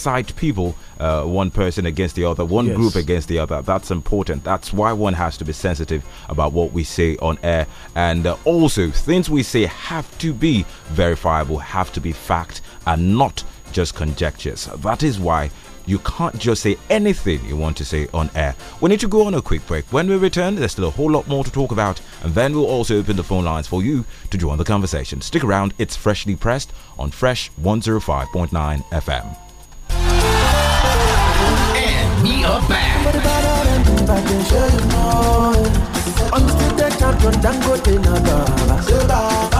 side people, uh, one person against the other, one yes. group against the other. That's important. That's why one has to be sensitive about what we say on air. And uh, also, things we say have to be verifiable, have to be fact, and not just conjectures. That is why. You can't just say anything you want to say on air. We need to go on a quick break. When we return, there's still a whole lot more to talk about, and then we'll also open the phone lines for you to join the conversation. Stick around, it's freshly pressed on Fresh 105.9 FM me a bag. Understand that champion, Don't Dangote na baba.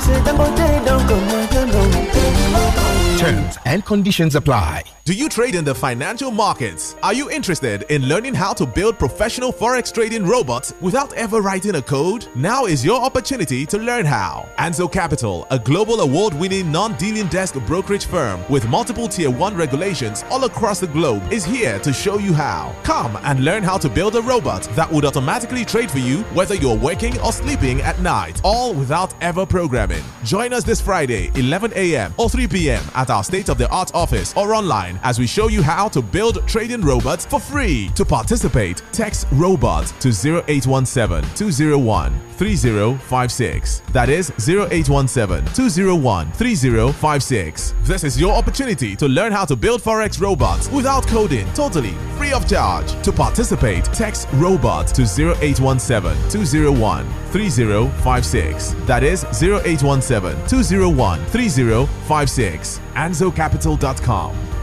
Terms and conditions apply. Do you trade in the financial markets? Are you interested in learning how to build professional forex trading robots without ever writing a code? Now is your opportunity to learn how. Anzo Capital, a global award-winning non-dealing desk brokerage firm with multiple tier 1 regulations all across the globe is here to show you how. Come and learn how to build a robot that would automatically trade for you whether you're working or sleeping at night, all without ever programming. Join us this Friday, 11 a.m. or 3 p.m. at our state-of-the-art office or online as we show you how to build trading robots for free. To participate, text robot to 0817-201-3056. That is 0817-201-3056. This is your opportunity to learn how to build Forex robots without coding, totally free of charge. To participate, text robot to 0817-201-3056. That is 0817-201-3056. AnzoCapital.com.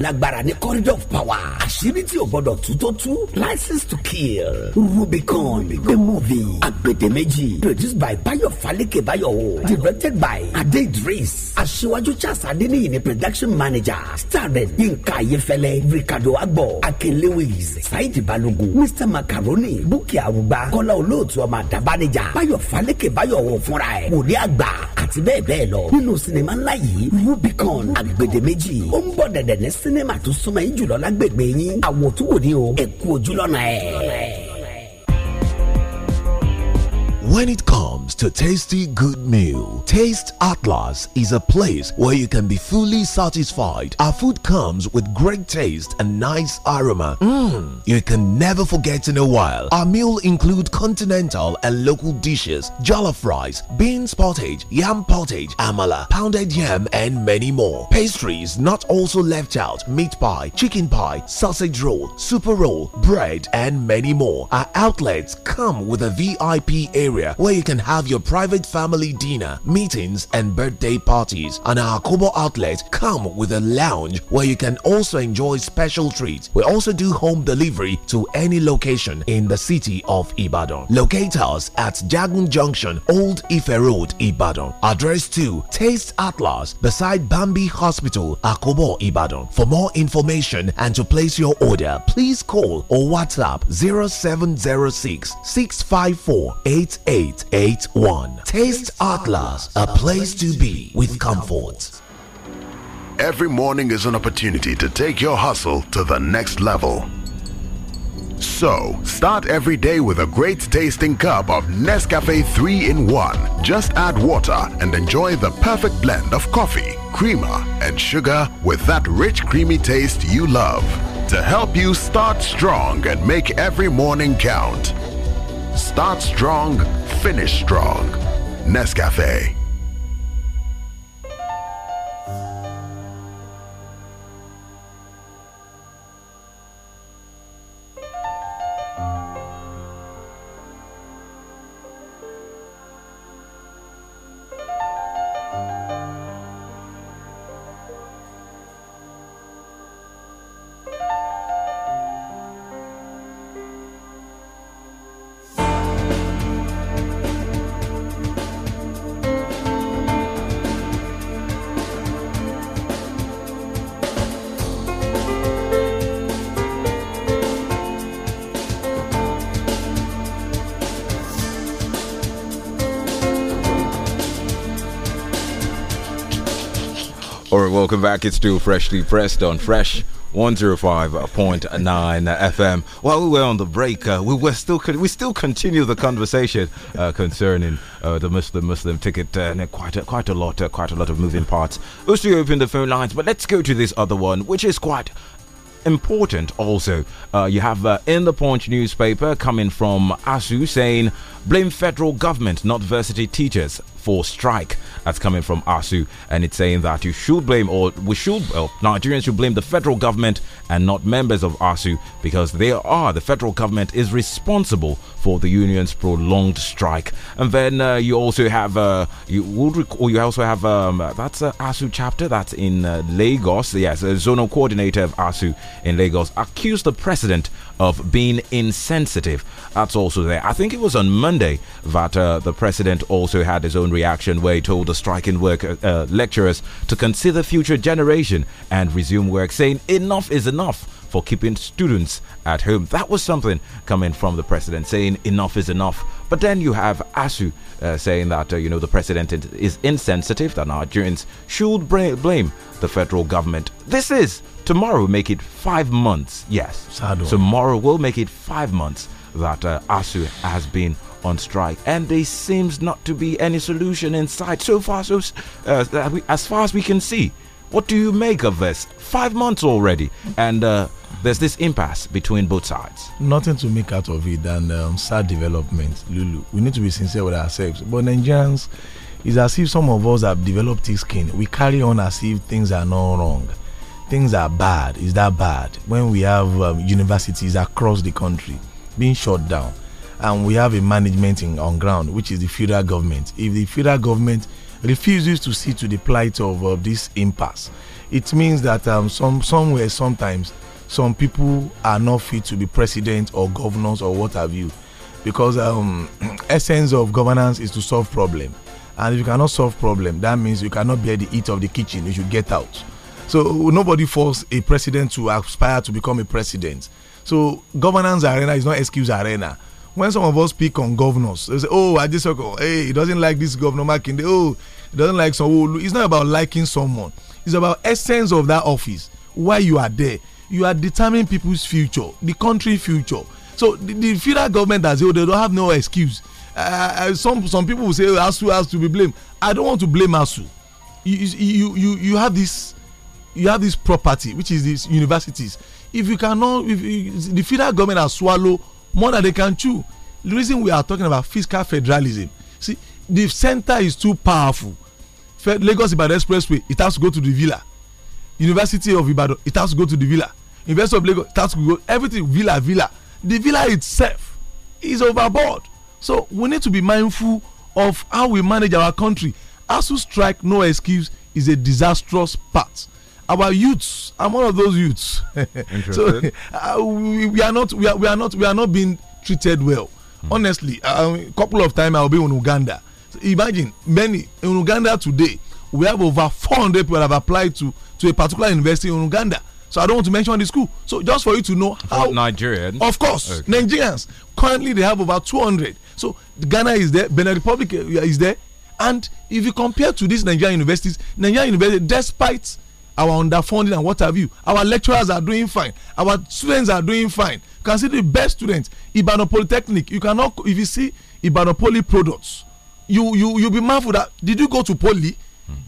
lágbára ní corridor of power àṣírí tí o gbọ́dọ̀ tú tó tú license to Kill, Rubicon, Rubicon, the movie, Agbedemeji, produced by Bayo Falike Bayo, directed by Ade Idris, Aṣíwájú Charles Adeniyi the production manager, starring Yinka Ayefele, Ricardo Agbo, Akin Lewis, Saidi Balogun, Mr Macaroni, Bukki Arugba, Kola Olóòtú ọmọ Àdàbánijà, Bayo Falike Bayo wò fúnra ẹ̀, Wòlé Àgbà, àti bẹ́ẹ̀ bẹ́ẹ̀ lọ. Nínú sinimá ńlá yìí, Rubicon, Agbedemeji, ó ń bọ̀ dẹ̀dẹ̀ ní sinimá tó súnmọ́ yín jùlọ lágbègbè yín, àwòtúwò ni o, ẹ̀kú ojúlọ́nà ẹ̀. When it comes comes to tasty good meal, Taste Atlas is a place where you can be fully satisfied. Our food comes with great taste and nice aroma. Mmm, you can never forget in a while. Our meal include continental and local dishes, jollof rice, beans pottage, yam pottage, amala, pounded yam and many more. Pastries not also left out, meat pie, chicken pie, sausage roll, super roll, bread and many more. Our outlets come with a VIP area where you can have have your private family dinner, meetings and birthday parties and our Kobo outlet come with a lounge where you can also enjoy special treats. We also do home delivery to any location in the city of Ibadan. Locate us at Jagun Junction, Old Ife Road, Ibadan. Address 2, Taste Atlas, beside Bambi Hospital, Akobo, Ibadan. For more information and to place your order, please call or WhatsApp 0706 654 888. 1. Taste Atlas, a place to be with comfort. Every morning is an opportunity to take your hustle to the next level. So, start every day with a great tasting cup of Nescafe 3 in 1. Just add water and enjoy the perfect blend of coffee, creamer, and sugar with that rich, creamy taste you love. To help you start strong and make every morning count, Start strong, finish strong. Nescafe. right, welcome back. It's still freshly pressed on Fresh 105.9 FM. While we were on the break, uh, we were still we still continue the conversation uh, concerning uh, the Muslim Muslim ticket uh, and quite a, quite a lot uh, quite a lot of moving parts. let still open the phone lines, but let's go to this other one, which is quite important. Also, uh, you have in the Punch newspaper coming from Asu saying blame federal government, not varsity teachers, for strike. That's coming from ASU, and it's saying that you should blame, or we should, well, Nigerians should blame the federal government and not members of ASU because they are, the federal government is responsible for the union's prolonged strike. And then uh, you also have, uh, you would, recall, you also have, um, that's uh, ASU chapter that's in uh, Lagos, yes, a zonal coordinator of ASU in Lagos accused the president of being insensitive. That's also there. I think it was on Monday that uh, the president also had his own reaction where he told the striking work uh, uh lecturers to consider future generation and resume work, saying enough is enough for keeping students at home. That was something coming from the president saying enough is enough. But then you have ASU uh, saying that, uh, you know, the president is insensitive, that Nigerians should blame the federal government. This is tomorrow, make it five months. Yes. Sado. Tomorrow will make it five months that uh, ASU has been on strike, and there seems not to be any solution in sight so far. So, uh, as far as we can see, what do you make of this? Five months already, and uh, there's this impasse between both sides. Nothing to make out of it than um, sad development, Lulu. We need to be sincere with ourselves. But Nigerians, it's as if some of us have developed thick skin. We carry on as if things are not wrong. Things are bad. Is that bad? When we have um, universities across the country being shut down, and we have a management in, on ground, which is the federal government. If the federal government refuses to see to the plight of, this impasse. It means that um, some somewhere sometimes some people are not fit to be president or governors or what have you, because um, essence of governance is to solve problem, and if you cannot solve problem, that means you cannot bear the heat of the kitchen. You should get out. So nobody force a president to aspire to become a president. So governance arena is not excuse arena when some of us pick on governors, they say, "Oh, I Adesokan, hey, he doesn't like this governor Makinde. Oh, he doesn't like some. It's not about liking someone. It's about essence of that office. Why you are there? You are determining people's future, the country future. So the, the federal government has well, they don't have no excuse. Uh, uh, some some people will say oh, ASU has to be blamed. I don't want to blame ASU. You, you you you have this you have this property which is these universities. If you cannot, if you, the federal government has swallowed more than they can chew the reason we are talking about fiscal federalism see the center is too powerful Fed, lagos ibadan expressway it has to go to the villa university of ibadan it has to go to the villa university of lagos it has to go everything villa villa the villa itself is overboard so we need to be mindful of how we manage our country asu strike no excuse is a disastrous part our youths i'm one of those youths so uh, we, we, are not we are, we are not we are not being treated well Hmm. Honestly, a couple of times I'll be in Uganda. So imagine many in Uganda today, we have over 400 people have applied to to a particular university in Uganda. So I don't want to mention the school. So just for you to know how Nigerian, of course, okay. Nigerians currently they have about 200. So Ghana is there, Benin Republic uh, is there, and if you compare to these Nigerian universities, Nigerian university, despite our underfunding and what have you, our lecturers are doing fine, our students are doing fine can see the best students ibadan polytechnic you cannot if you see ibadan poly products you you you be mindful that did you go to poly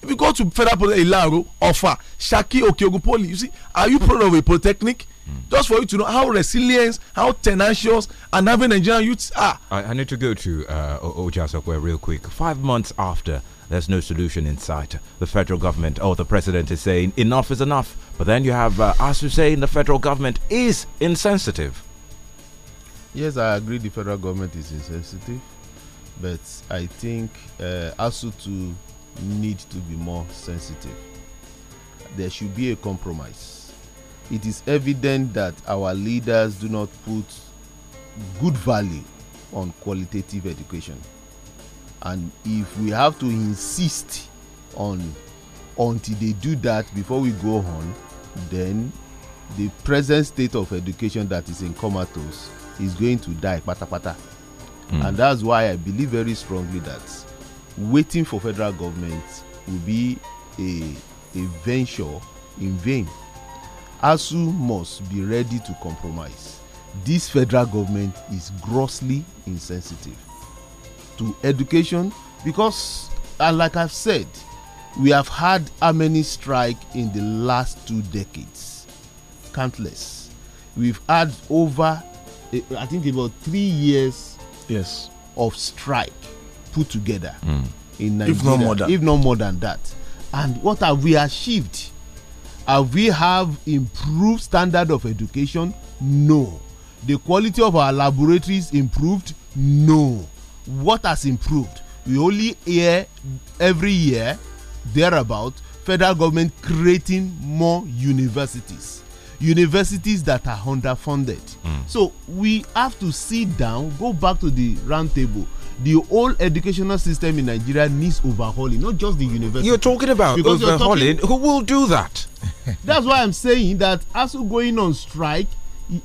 if you go to federal poly ilaro ofa saki okeogun poly you see are you proud of a polytechnic just for you to know how resilient how tenacious and having nigerian youths are. I, I, need to go to uh, Ojasokwe real quick. Five months after, there's no solution in sight. The federal government or the president is saying enough is enough. But then you have uh, who saying the federal government is insensitive. Yes, I agree the federal government is insensitive, but I think uh, ASU too need to be more sensitive. There should be a compromise. It is evident that our leaders do not put good value on qualitative education. And if we have to insist on until they do that before we go on, then the present state of education that is in comatose is going to die pata Mm. And that's why I believe very strongly that waiting for federal government will be a, a venture in vain. ASU must be ready to compromise. This federal government is grossly insensitive to education because, and uh, like I've said, we have had how many strike in the last two decades? Countless. We've had over I think about three years yes of strike put together mm. in Nigeria, if not more than if not more than that. And what have we achieved? Have we have improved standard of education? No. The quality of our laboratories improved? No. What has improved? We only hear every year thereabout federal government creating more universities universities that are underfunded. Mm. So we have to sit down, go back to the roundtable. The whole educational system in Nigeria needs overhauling, not just the university. You're talking about because overhauling. Talking, who will do that? that's why I'm saying that as going on strike,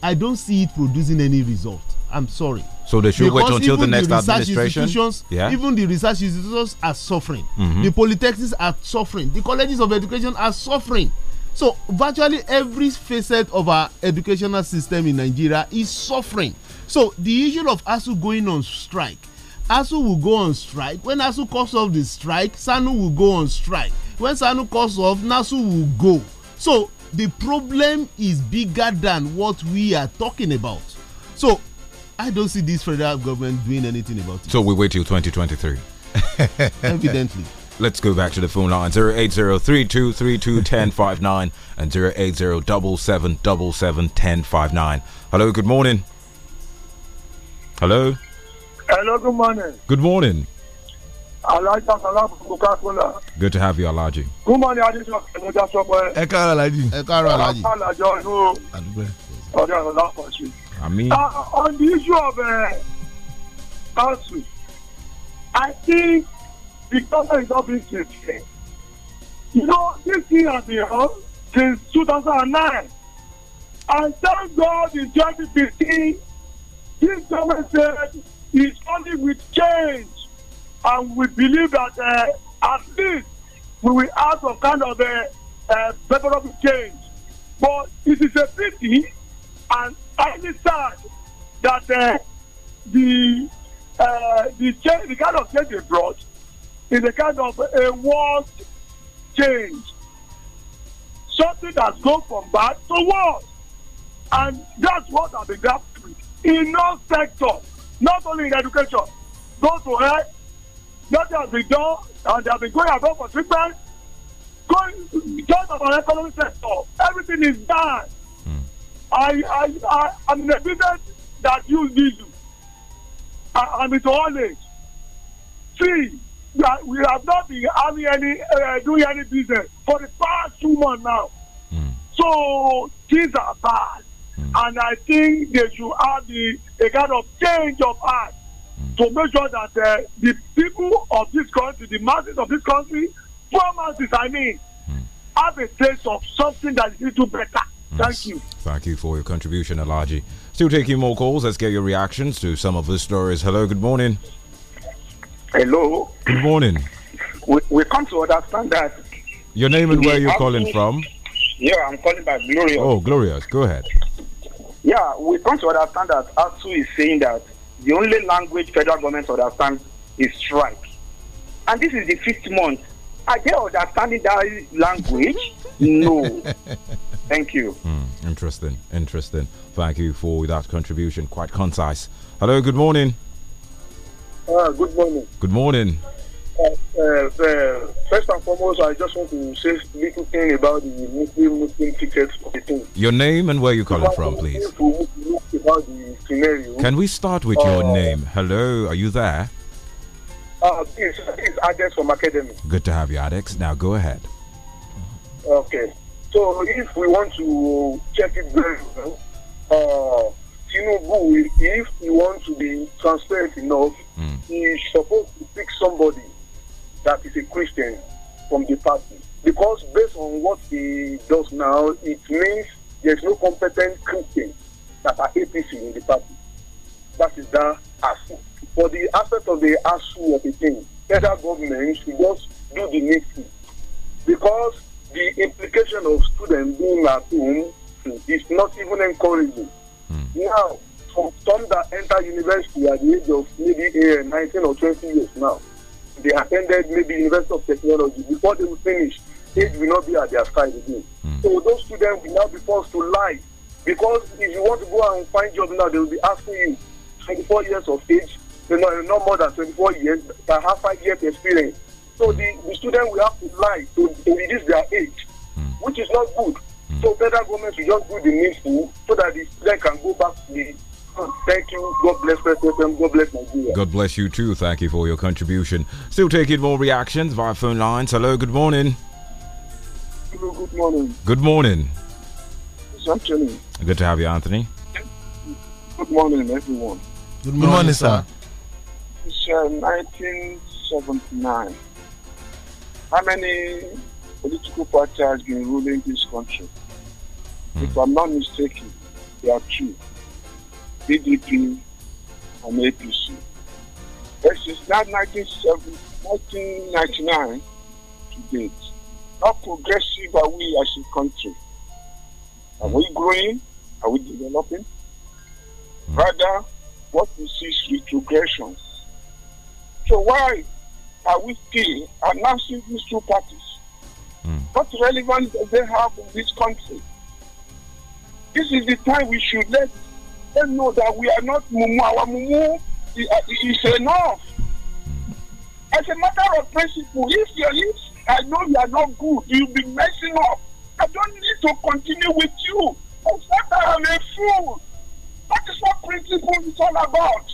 I don't see it producing any result. I'm sorry. So they should because wait until the next the administration. Yeah. Even the research institutions are suffering. Mm -hmm. The polytechnics are suffering. The colleges of education are suffering. So virtually every facet of our educational system in Nigeria is suffering. So the issue of ASU going on strike, ASU will go on strike. When ASU calls off the strike, SANU will go on strike. When SANU calls off, NASU will go. So the problem is bigger than what we are talking about. So I don't see this federal government doing anything about it. So we wait till 2023. Evidently. Let's go back to the phone line 08032321059 and 08077771059. Hello, good morning. Hello. Hello, good morning. Good morning. Alaji Salam Coca-Cola. Good to have you, Alaji. Good morning, Alaji. Ẹ káàárọ̀ Alaji. Ẹ káàárọ̀ Alaji. Alajọ inú ọ̀dọ̀ ọ̀la kọ̀ọ̀ṣù. Àmín. Ah, on the issue of uh, eh, council, I think the government is not being sincere. You know, this thing has been on since 2009. And thank God in 2015, this government said it's only with change. And we believe that uh, at least we will have some kind of a uh, uh of change. But it is a pity and highly sad that uh, the uh, the change, the kind of change they brought is a kind of a world change. Something that's gone from bad to worse. And that's what I've been grappling in all sectors, not only in education. Go to health, nothing has been done, and they have been going about for treatment. Going just about economic sector, everything is done. Hmm. I, I, I, I'm in a business that use diesel. I, I'm into all age. See, we have not been having any uh, doing any business for the past two months now. Mm. So things are bad, mm. and I think they should have the, a kind of change of heart mm. to make sure that uh, the people of this country, the masses of this country, poor masses, I mean, hmm. have a taste of something that is little better. Thank you. Thank you for your contribution, Elijah. Still taking more calls. Let's get your reactions to some of the stories. Hello, good morning. Hello. Good morning. We, we come to understand that. Your name and where you're calling from? Yeah, I'm calling by Glorious. Oh, Glorious. Go ahead. Yeah, we come to understand that ASU is saying that the only language federal government understands is strike. And this is the fifth month. Are they understanding that language? no. Thank you. Mm, interesting. Interesting. Thank you for that contribution. Quite concise. Hello, good morning. Uh, good morning. Good morning. Uh, uh, uh, first and foremost, I just want to say a little thing about the Muslim Muslim ticket Your name and where you calling from, please. Can we start with your uh, name? Hello, are you there? Uh, it's, it's Adex from Academy. Good to have you, Adex. Now go ahead. Okay. So if we want to check it very well, uh, Tinubu, if he wants to be transparent enough, mm. he is supposed to pick somebody that is a Christian from the party. Because based on what he does now, it means there's no competent Christians that are APC in the party. That is that ASU. For the aspect of the ASU of the thing, federal government should just do the next thing Because the implication of students being at home is not even encouraging. Mm. Now, from some that enter university at the age of maybe uh, 19 or 20 years now, they attended maybe University of Technology. Before they will finish, age will not be at their side again. Mm. So those students will now be forced to lie because if you want to go and find job now, they will be asking you 24 years of age, you know, not more than 24 years, but have five years experience. So hmm. the, the student will have to lie to, to reduce their age, mm. which is not good. Mm. So federal government should just do the needful so that the student can go back to the Thank you. God bless President. God bless Nigeria. God bless you too. Thank you for your contribution. Still taking more reactions via phone lines. Hello, good morning. Hello, good morning. Good morning. It's Anthony. Good to have you, Anthony. Good morning, everyone. Good morning, good morning sir. It's uh, 1979. How many political party has been ruling this country. Mm. If I'm not mistaken, there are two PDP and APC. This is not 1999 to date. How progressive are we as a country? Are we hmm. growing? Are we developing? Hmm. Rather, what we see is retrogressions. So why are we still announcing these two parties? Mm. What relevance does they have in this country? This is the time we should let them know that we are not mumu. Our mumu uh, is enough. As a matter of principle, if your lips, I know you are not good, you'll be messing up. I don't need to continue with you. I'm I'm a fool. That is what principle is all about.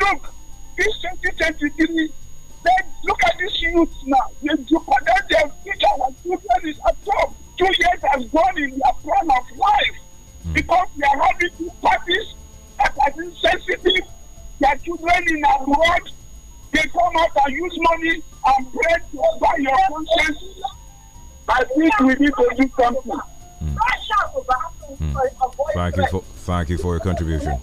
Look, this 2023 then look at these youths now. They, you condemn their Each our children is at home. Two years has gone in their plan of life hmm. because they are having two parties that are insensitive. Their children in abroad, they come out and use money and bread to buy your conscience. I think we need to do something. Mm. Mm. Thank you for thank you for your contribution.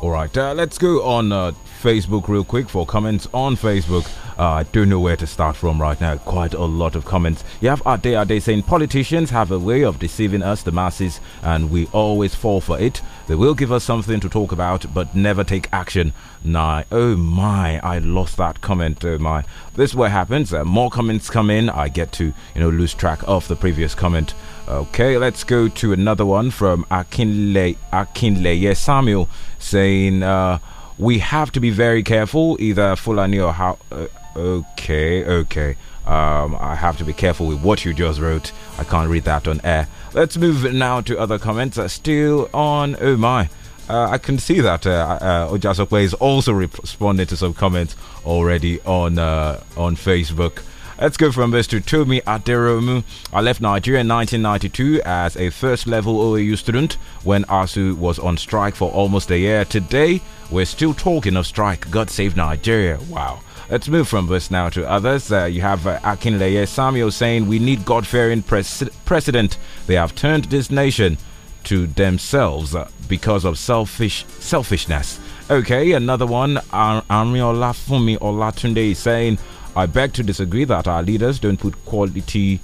All right, uh, let's go on uh, Facebook real quick for comments on Facebook. Uh, I don't know where to start from right now. Quite a lot of comments. You have Ade Ade saying politicians have a way of deceiving us, the masses, and we always fall for it. They will give us something to talk about, but never take action. Nah, oh my, I lost that comment. Oh my, this is what happens. Uh, more comments come in, I get to you know lose track of the previous comment. Okay, let's go to another one from Akinle Akinleye Samuel saying uh, we have to be very careful, either Fulani or how. Uh, okay, okay. Um, I have to be careful with what you just wrote. I can't read that on air. Let's move now to other comments. Still on. Oh my. Uh, I can see that uh, uh, is also responding to some comments already on uh, on Facebook. Let's go from this to Tomi Aderomu. I left Nigeria in 1992 as a first level OAU student when ASU was on strike for almost a year. Today, we're still talking of strike. God save Nigeria. Wow. Let's move from this now to others. Uh, you have uh, Akinleye Samuel saying, We need God fearing pres- president. They have turned this nation to themselves because of selfish selfishness. Okay, another one. Ar- Ariola Fumi Olatunde is saying, I beg to disagree that our leaders don't put quality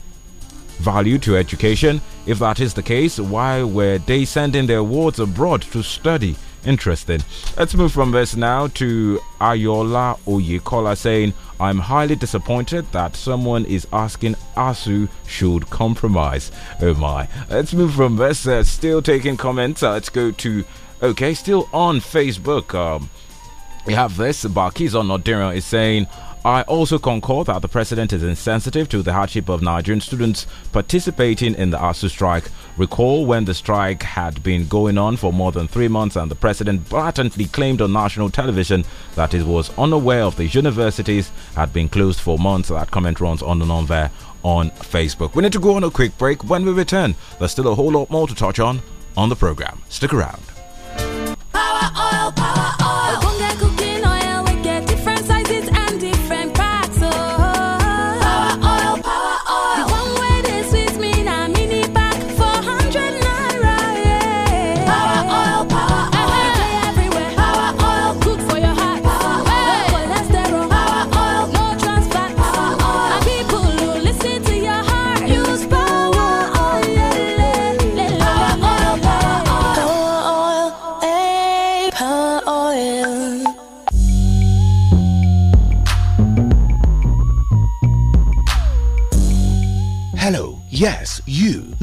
value to education. If that is the case, why were they sending their wards abroad to study? Interesting. Let's move from this now to Ayola Oyekola saying, I'm highly disappointed that someone is asking ASU should compromise. Oh my. Let's move from this. Uh, still taking comments. Uh, let's go to, okay, still on Facebook. Um, we have this. Barkiz on Nodira is saying, I also concur that the president is insensitive to the hardship of Nigerian students participating in the ASU strike. Recall when the strike had been going on for more than three months and the president blatantly claimed on national television that he was unaware of the universities had been closed for months. That comment runs on and on there on Facebook. We need to go on a quick break. When we return, there's still a whole lot more to touch on on the program. Stick around. Power, oil, power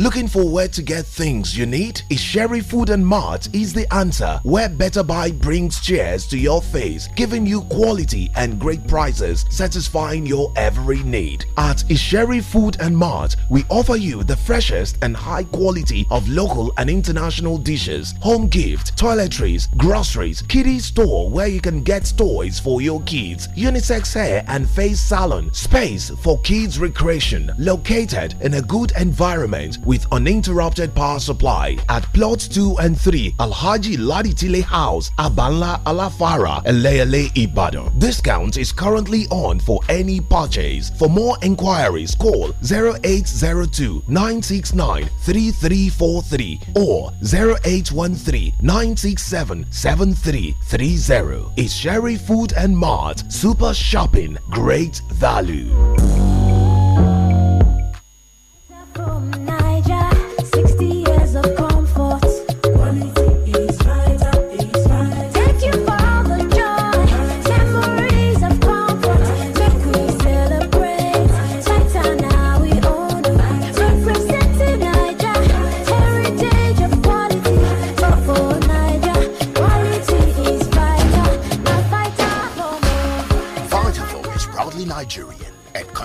Looking for where to get things you need? Isheri Food and Mart is the answer where Better Buy brings chairs to your face, giving you quality and great prices, satisfying your every need. At Isheri Food and Mart, we offer you the freshest and high quality of local and international dishes, home gift, toiletries, groceries, kitty store where you can get toys for your kids, unisex hair and face salon, space for kids recreation, located in a good environment with uninterrupted power supply at Plot 2 and 3 Alhaji Laditile House, Abanla Alafara, Eleele Ibadan. Discount is currently on for any purchase. For more inquiries, call 0802 969 3343 or 0813 967 7330. It's Sherry Food and Mart Super Shopping. Great value.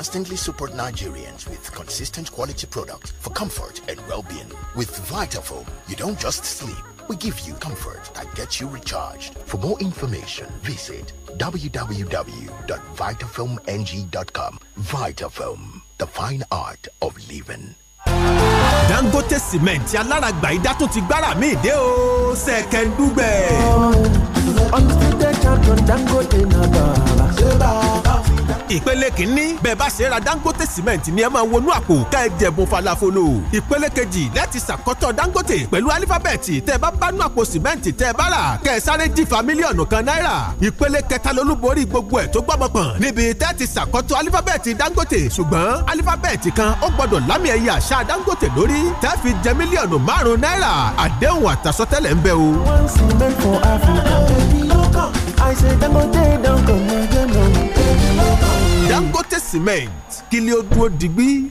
consistently support Nigerians with consistent quality products for comfort and well-being. With VitaFoam, you don't just sleep. We give you comfort that gets you recharged. For more information, visit www.vitafoamng.com. VitaFoam, the fine art of living. Dangote aláràgbà ti gbára mi o ìpele kìíní bẹ́ẹ̀ bá ṣe ra dangote cement ni ẹ máa wọnú àpò ká ẹ falafolo ìpele kejì lẹ́ẹ̀tì ṣàkọ́tọ̀ dangote pẹ̀lú alifábẹ́ẹ̀tì tẹ́ bá bánú àpò cement tẹ́ bá rà kẹ́ ẹ jìfà mílíọ̀nù kan náírà ìpele kẹta lolúborí gbogbo ẹ̀ tó gbọ́mọpọ̀n níbi tẹ́ẹ̀tì ṣàkọ́tọ̀ alifábẹ́ẹ̀tì dangote ṣùgbọ́n alifábẹ́ẹ̀tì kan ó gbọ́dọ̀ lámì one cement for Africa. I say Dangote don't come again o. Dangote Cement kí lè ó dúró digbí.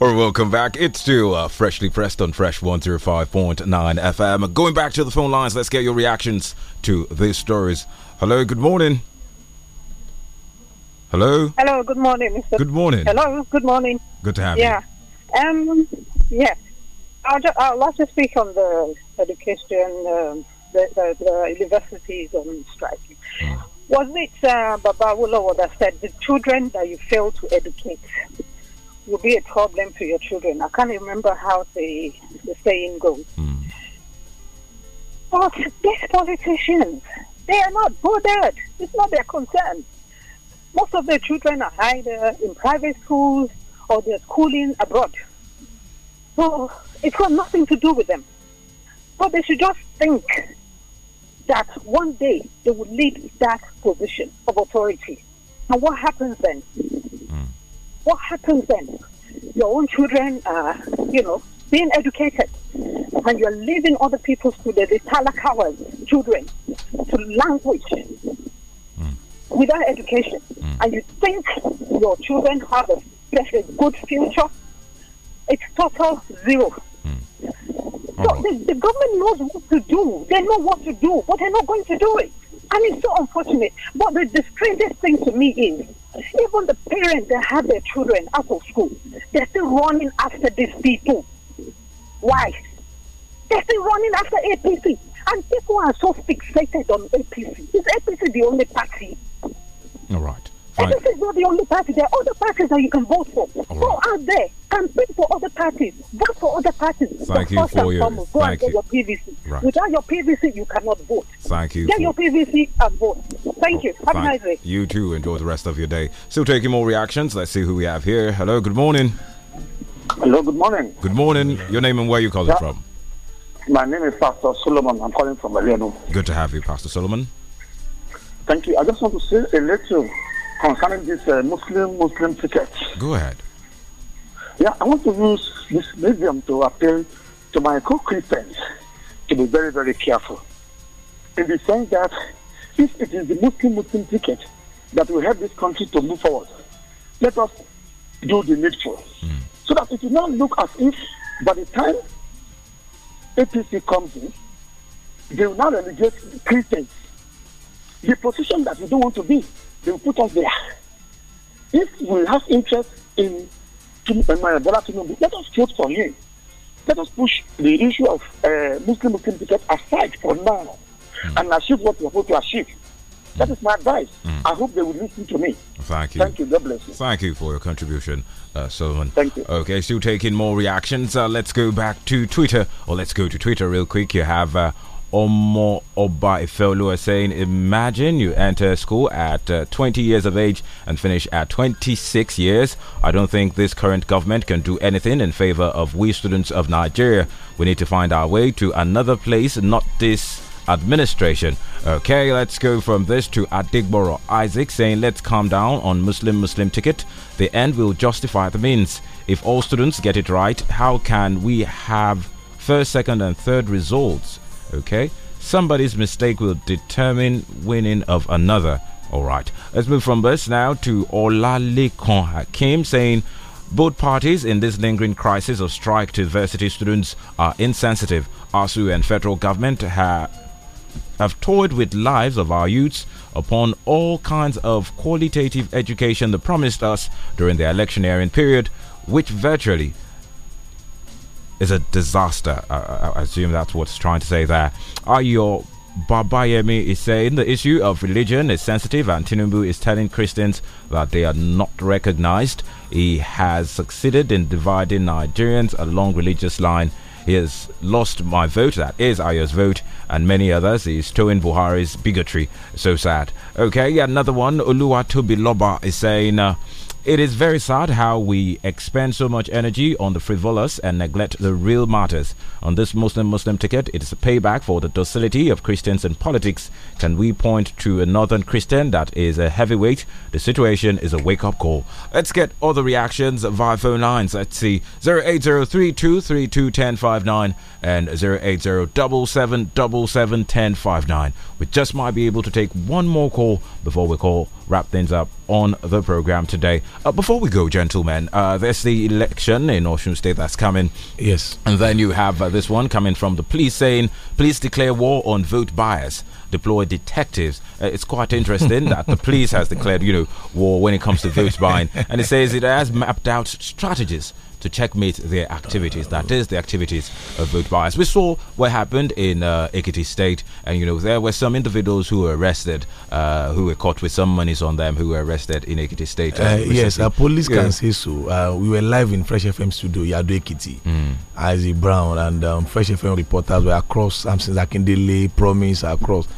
Or welcome back. It's to uh, freshly pressed on Fresh 105.9 FM. Going back to the phone lines, let's get your reactions to these stories. Hello, good morning. Hello. Hello, good morning, Mr. Good morning. Hello, good morning. Good to have yeah. you. Yeah. Um, yeah. I'd, like to speak on the education, um, the, the, the, universities on striking. Hmm. Was it uh, Baba Wulawa that said the children that you fail to educate will be a problem to your children? I can't remember how the, the saying goes. Mm. But these politicians, they are not bothered. It's not their concern. Most of their children are either in private schools or they're schooling abroad. So it's got nothing to do with them. But they should just think that one day they would leave that position of authority. And what happens then? Mm. What happens then? Your own children are, you know, being educated, and you're leaving other people's children, the talakawas, children, to language mm. without education. Mm. And you think your children have a, a good future? It's total zero Mm. So uh-huh. the, the, government knows what to do. They know what to do, but they're not going to do it. And it's so unfortunate. But the, the strangest thing to me is even the parents that have their children out of school, they're still running after these people. Why? They're still running after APC. And people are so fixated on APC. Is APC the only party? All right. And this is not the only party. There are other parties that you can vote for. Go out there, campaign for other parties, vote for other parties. Thank you for your, foremost, go thank and you. get your PVC. Right. Without your PVC, you cannot vote. Thank you. Get for... your PVC and vote. Thank you. Have a nice day. You too. Enjoy the rest of your day. Still taking more reactions. Let's see who we have here. Hello. Good morning. Hello. Good morning. Good morning. Your name and where you calling yeah. from? My name is Pastor Solomon. I'm calling from Eleno. Good to have you, Pastor Solomon. Thank you. I just want to say a little concerning this uh, Muslim Muslim ticket. Go ahead. Yeah, I want to use this medium to appeal to my co-Christians to be very, very careful. In the sense that if it is the Muslim Muslim ticket that will help this country to move forward, let us do the needful. Mm. So that it will not look as if by the time APC comes in, they will now relegate Christians. The position that we don't want to be they will put us there. If we have interest in let us vote for him. Let us push the issue of uh, Muslim Muslim ticket aside for now mm. and achieve what we are supposed to achieve. That hmm. is my advice. Mm. I hope they will listen to me. Thank you. Thank you. God bless you. Thank you for your contribution, uh, Solomon. Thank you. Okay, still taking more reactions. Uh, let's go back to Twitter, or let's go to Twitter real quick. You have uh, Omo Oba Ifeolu is saying, Imagine you enter school at uh, 20 years of age and finish at 26 years. I don't think this current government can do anything in favor of we students of Nigeria. We need to find our way to another place, not this administration. Okay, let's go from this to Adigboro Isaac saying, Let's calm down on Muslim Muslim ticket. The end will justify the means. If all students get it right, how can we have first, second, and third results? Okay? Somebody's mistake will determine winning of another. All right. Let's move from this now to Olalekan Hakim saying both parties in this lingering crisis of strike to university students are insensitive. ASU and federal government have have toyed with lives of our youths upon all kinds of qualitative education they promised us during the electioneering period, which virtually is a disaster. I, I assume that's what's trying to say there. Are your Babayemi is saying the issue of religion is sensitive, and Tinubu is telling Christians that they are not recognized. He has succeeded in dividing Nigerians along religious line. He has lost my vote, that is Ayo's vote, and many others. He's towing Buhari's bigotry. So sad. Okay, another one. Oluwatobi Loba is saying. Uh, it is very sad how we expend so much energy on the frivolous and neglect the real matters. On this Muslim Muslim ticket, it is a payback for the docility of Christians in politics. Can we point to a northern Christian that is a heavyweight? The situation is a wake up call. Let's get all the reactions via phone lines. Let's see 08032321059 and 08077771059. We just might be able to take one more call before we call wrap things up on the program today. Uh, before we go, gentlemen, uh, there's the election in Osun State that's coming. Yes. And then you have uh, this one coming from the police saying, please declare war on vote bias, deploy detectives. Uh, it's quite interesting that the police has declared, you know, war when it comes to vote buying. And it says it has mapped out strategies to checkmate their activities. That is the activities of vote bias. We saw what happened in uh, Ekiti State, and you know there were some individuals who were arrested, uh, who were caught with some monies on them, who were arrested in Ekiti State. Uh, uh yes, the uh, police yeah. can say so. Uh, we were live in Fresh FM studio, Yado Ekiti, mm. Isaac Brown, and um, Fresh FM reporters were across I'm um, I can delay Promise across.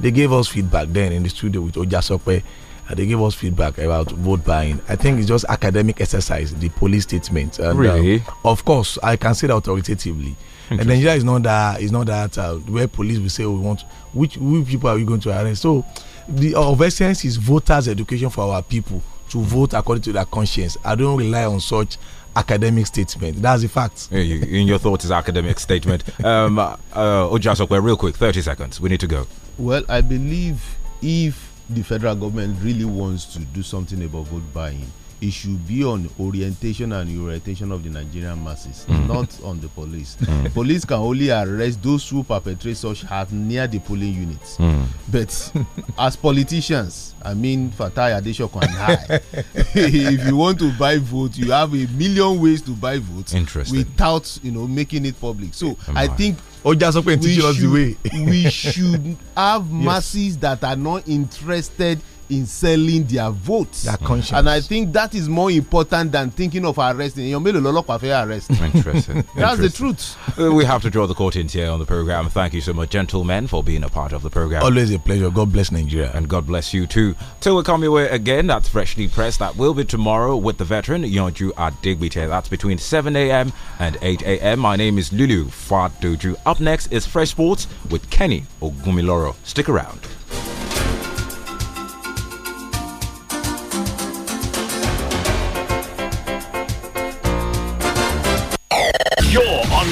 They gave us feedback then in the studio with Ojasope they gave us feedback about vote buying. I think it's just academic exercise, the police statement. And, really? Um, of course, I can say that authoritatively. And Nigeria is not that is not that uh, where police will say oh, we want which which people are we going to arrest. So the of essence is voters' education for our people to vote according to their conscience. I don't rely on such academic statement. That's the fact. In your thoughts is academic statement. Um, uh, Ojasokwe, real quick, 30 seconds. We need to go. Well, I believe if the federal government really wants to do something about vote buying, it should be on orientation and orientation of the Nigerian masses, mm. not on the police. Mm. Police can only arrest those who perpetrate such acts near the polling units. Mm. But as politicians, I mean Fatai Adeshoko and I, if you want to buy vote, you have a million ways to buy votes without you know making it public. So I think ọjà sọ pé teach us the way. we should have masses that are not interested in selling their votes. Their conscience. And I think that is more important than thinking of arresting. You're made a arrest. Interesting. That's the truth. Uh, we have to draw the in here on the program. Thank you so much, gentlemen, for being a part of the program. Always a pleasure. God bless Nigeria. And God bless you too. Till we come your way again, that's Freshly Pressed. That will be tomorrow with the veteran Yonju Adigbite. That's between 7 a.m. and 8 a.m. My name is Lulu Doju. Up next is Fresh Sports with Kenny Ogumiloro. Stick around.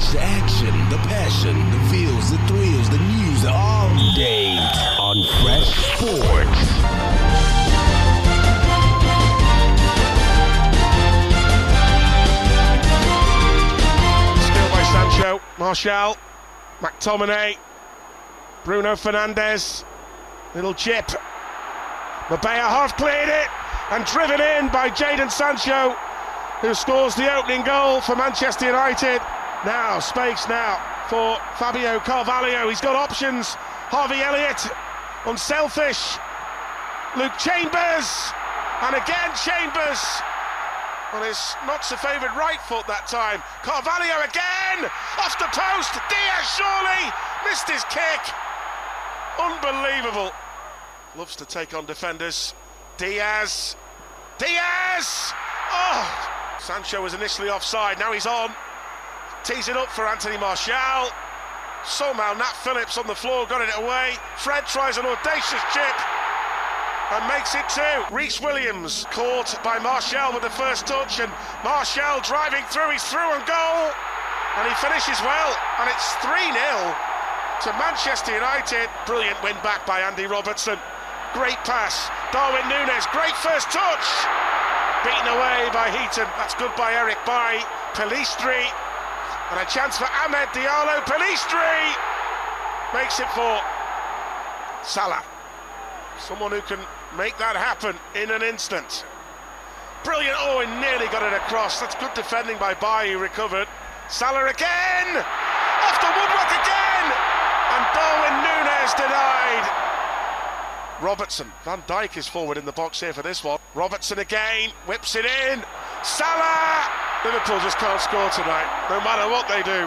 catch the action, the passion, the feels, the thrills, the news all day on Fresh Sports. by Sancho, Marshall, McTominay, Bruno Fernandes, little chip. Mabea half cleared it and driven in by Jadon Sancho, who scores the opening goal for Manchester United. Now, space now for Fabio Carvalho. He's got options. Harvey Elliott, unselfish. Luke Chambers, and again Chambers on well, his not so favoured right foot that time. Carvalho again, off the post. Diaz surely missed his kick. Unbelievable. Loves to take on defenders. Diaz. Diaz! Oh! Sancho was initially offside, now he's on. Tees it up for Anthony Martial. Somehow Nat Phillips on the floor got it away. Fred tries an audacious chip and makes it two. Reese Williams caught by Martial with the first touch, and Martial driving through, he's through and goal, and he finishes well, and it's 3 0 to Manchester United. Brilliant win back by Andy Robertson. Great pass. Darwin Nunes, great first touch. Beaten away by Heaton. That's good by Eric By Pelistri. And a chance for Ahmed Diallo. Pelistri makes it for Salah. Someone who can make that happen in an instant. Brilliant. Oh, and nearly got it across. That's good defending by He Recovered. Salah again. Off the woodwork again. And Darwin Nunes denied. Robertson. Van Dijk is forward in the box here for this one. Robertson again. Whips it in. Salah. Liverpool just can't score tonight, no matter what they do.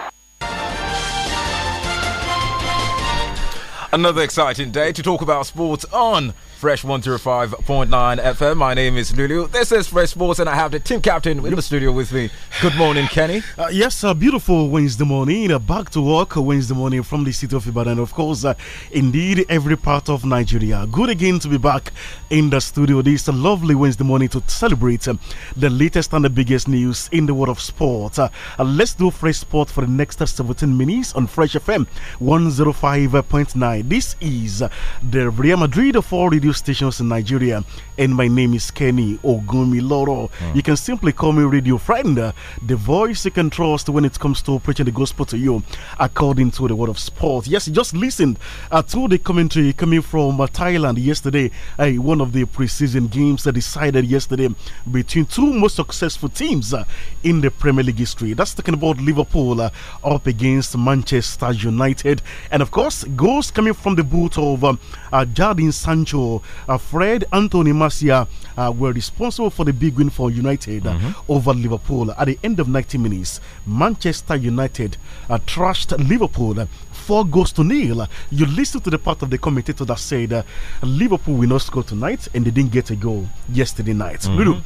Another exciting day to talk about sports on Fresh 105.9 FM. My name is Lulu. This is Fresh Sports, and I have the team captain in the studio with me. Good morning, Kenny. Uh, yes, a beautiful Wednesday morning. Uh, back to work Wednesday morning from the city of Ibadan. Of course, uh, indeed, every part of Nigeria. Good again to be back in the studio this a lovely Wednesday morning to celebrate uh, the latest and the biggest news in the world of sport. Uh, uh, let's do Fresh Sport for the next 17 minutes on Fresh FM 105.9. This is the Real Madrid four. Radio stations in Nigeria. And my name is Kenny Ogumiloro. Mm. You can simply call me Radio Friend, uh, the voice you can trust when it comes to preaching the gospel to you according to the word of sport. Yes, just listened uh, to the commentary coming from uh, Thailand yesterday, uh, one of the preseason games that decided yesterday between two most successful teams uh, in the Premier League history. That's talking about Liverpool uh, up against Manchester United. And of course, goals coming from the boot of uh, Jardine Sancho Afraid, Fred Anthony Marcia uh, were responsible for the big win for United mm -hmm. over Liverpool. At the end of 90 minutes, Manchester United uh, trashed Liverpool four goals to nil. You listen to the part of the commentator that said uh, Liverpool will not score tonight, and they didn't get a goal yesterday night. Mm -hmm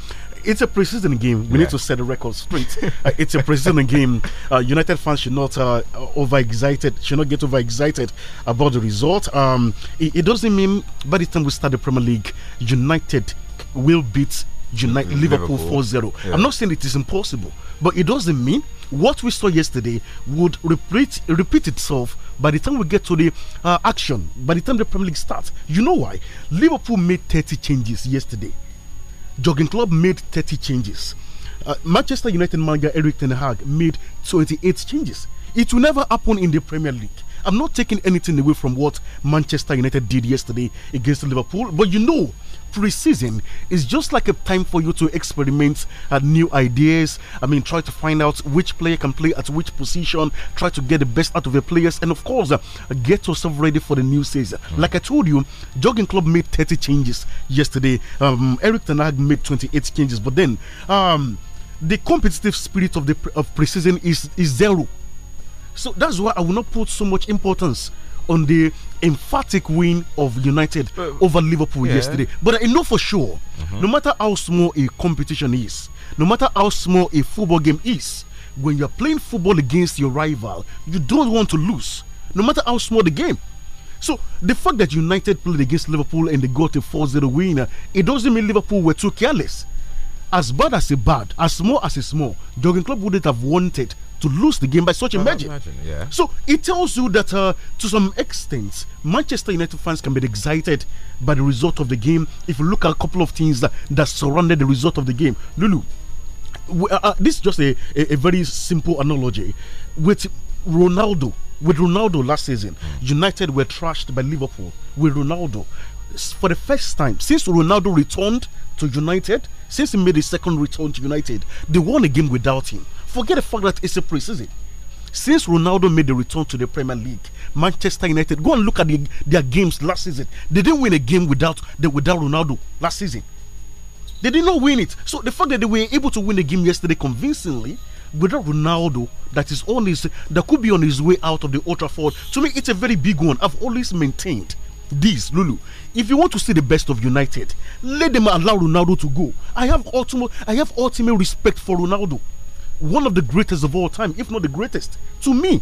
it's a precision game. We yeah. need to set the record straight. uh, it's a precision game. Uh, United fans should not uh, overexcited. Should not get overexcited about the result. Um, it, it doesn't mean by the time we start the Premier League, United will beat United, mm-hmm. Liverpool 4 0. Yeah. I'm not saying it is impossible, but it doesn't mean what we saw yesterday would repeat, repeat itself by the time we get to the uh, action, by the time the Premier League starts. You know why? Liverpool made 30 changes yesterday. Jogging Club made 30 changes. Uh, Manchester United manager Eric Ten Hag made 28 changes. It will never happen in the Premier League. I'm not taking anything away from what Manchester United did yesterday against Liverpool, but you know pre-season is just like a time for you to experiment at new ideas. I mean, try to find out which player can play at which position, try to get the best out of the players, and of course, uh, get yourself ready for the new season. Mm. Like I told you, Jogging Club made 30 changes yesterday. Um, Eric Tanag made 28 changes, but then um, the competitive spirit of the of preseason is is zero. So that's why I will not put so much importance on the emphatic win of United uh, over Liverpool yeah. yesterday. But I know for sure, mm -hmm. no matter how small a competition is, no matter how small a football game is, when you're playing football against your rival, you don't want to lose, no matter how small the game. So the fact that United played against Liverpool and they got a 4-0 win, it doesn't mean Liverpool were too careless. As bad as a bad, as small as a small, Jurgen Klopp wouldn't have wanted to lose the game by such a margin. Yeah. So it tells you that uh, to some extent, Manchester United fans can be excited by the result of the game. If you look at a couple of things that, that surrounded the result of the game, Lulu, we, uh, uh, this is just a, a, a very simple analogy. With Ronaldo, with Ronaldo last season, mm. United were trashed by Liverpool. With Ronaldo, for the first time since Ronaldo returned to United, since he made his second return to United, they won a game without him. Forget the fact that it's a preseason. Since Ronaldo made the return to the Premier League, Manchester United, go and look at the, their games last season. They didn't win a game without the, without Ronaldo last season. They did not win it. So the fact that they were able to win the game yesterday convincingly without Ronaldo that is on his that could be on his way out of the Ultra Ford, to me it's a very big one. I've always maintained this, Lulu. If you want to see the best of United, let them allow Ronaldo to go. I have ultimate, I have ultimate respect for Ronaldo, one of the greatest of all time, if not the greatest. To me,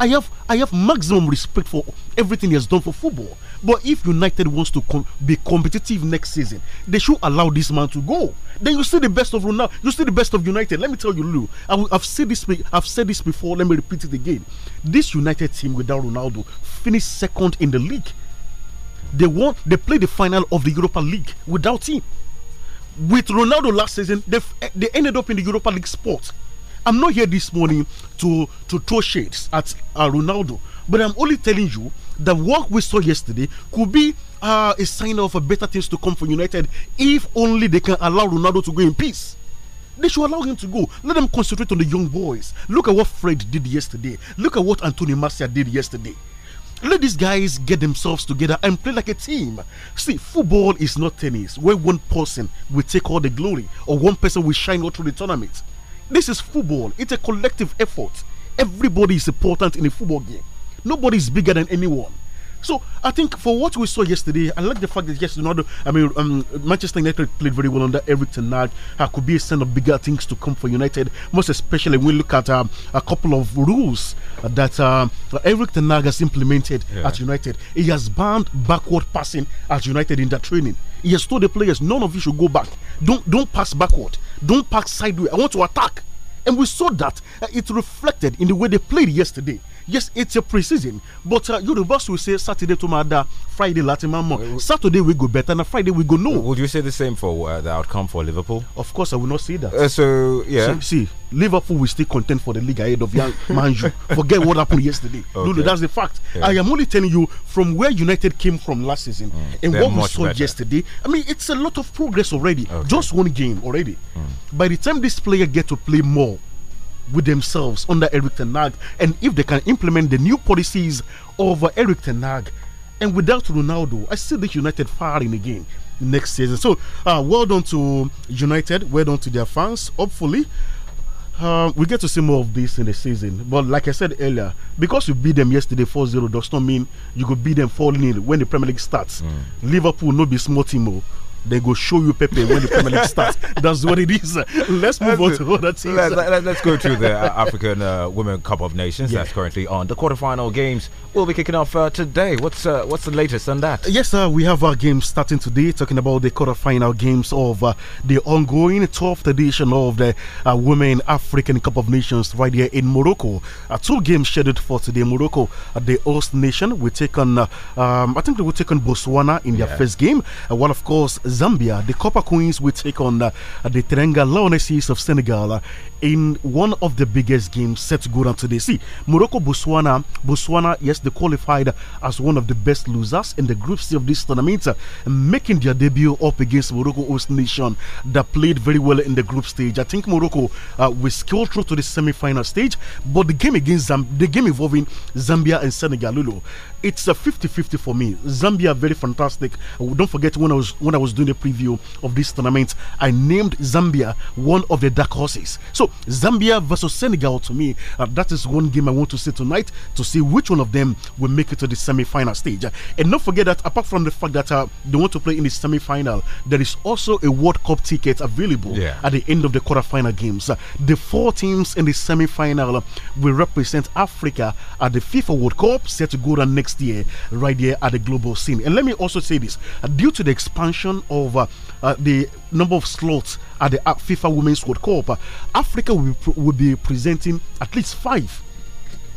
I have I have maximum respect for everything he has done for football. But if United wants to com be competitive next season, they should allow this man to go. Then you see the best of Ronaldo. You see the best of United. Let me tell you, Lulu. I, have said this. I've said this before. Let me repeat it again. This United team without Ronaldo finished second in the league they won. They played the final of the Europa League without him. With Ronaldo last season, they eh, they ended up in the Europa League spot. I'm not here this morning to to throw shades at uh, Ronaldo, but I'm only telling you that what we saw yesterday could be uh, a sign of better things to come for United if only they can allow Ronaldo to go in peace. They should allow him to go. Let them concentrate on the young boys. Look at what Fred did yesterday. Look at what Antonio Marcia did yesterday. Let these guys get themselves together and play like a team. See, football is not tennis where one person will take all the glory or one person will shine all through the tournament. This is football, it's a collective effort. Everybody is important in a football game. Nobody is bigger than anyone. So I think for what we saw yesterday, I like the fact that yes, Ronaldo, I mean, um, Manchester United played very well under Eric Ten Hag. Uh, could be a sign of bigger things to come for United, most especially when we look at um, a couple of rules that um, Eric Ten Hag has implemented yeah. at United. He has banned backward passing at United in their training. He has told the players, none of you should go back. Don't don't pass backward. Don't pass sideways. I want to attack. And we saw that uh, it reflected in the way they played yesterday. Yes, it's a pre-season, but uh, boss will say Saturday to Mada, Friday Latin Mama. Saturday we go better, and Friday we go no. Would you say the same for uh, the outcome for Liverpool? Of course, I will not say that. Uh, so yeah, so, see, Liverpool will stay content for the league ahead of young Manju. Forget what happened yesterday. Okay. that's the fact. Yeah. I am only telling you from where United came from last season mm. and They're what we saw better. yesterday. I mean, it's a lot of progress already. Okay. Just one game already. Mm. By the time this player get to play more with themselves under Eric Ten Hag, and if they can implement the new policies of uh, Eric Ten Hag, and without Ronaldo, I see the United firing in the game next season. So, uh, well done to United, well done to their fans. Hopefully, uh, we get to see more of this in the season. But like I said earlier, because you beat them yesterday 4 0 does not mean you could beat them 4 0 when the Premier League starts. Mm. Liverpool not be small team. Oh they go show you Pepe when the Premier League starts. That's what it is. Let's move on to other teams. Let, us let, go to the African uh, Women Cup of Nations yeah. that's currently on. The quarterfinal games will be kicking off uh, today. What's uh, what's the latest on that? Yes, sir. We have our games starting today, talking about the quarterfinal games of uh, the ongoing 12th edition of the uh, Women African Cup of Nations right here in Morocco. Uh, two games scheduled for today. Morocco, the host nation, will take on, um, I think they will take on Botswana in their yeah. first game. Uh, while, of course, Zambia. The Copper Queens will take on uh, the Terenga Lionesses of Senegal uh, in one of the biggest games set to go down today. See, Morocco, Botswana, Botswana, yes, they qualified as one of the best losers in the group C of this tournament, making their debut up against Morocco host nation that played very well in the group stage. I think Morocco uh, will scale through to the semi-final stage, but the game against Zamb the game involving Zambia and Senegal, it's a 50-50 for me. Zambia very fantastic. Don't forget when I was when I was doing the preview of this tournament, I named Zambia one of the dark horses. So Zambia versus Senegal to me, uh, that is one game I want to see tonight to see which one of them will make it to the semi final stage. And don't forget that apart from the fact that uh, they want to play in the semi final, there is also a World Cup ticket available yeah. at the end of the quarter-final games. Uh, the four teams in the semi final uh, will represent Africa at the FIFA World Cup set to go down next year, right there at the global scene. And let me also say this uh, due to the expansion of uh, the number of slots at the FIFA Women's World Cup, Africa will, will be presenting at least five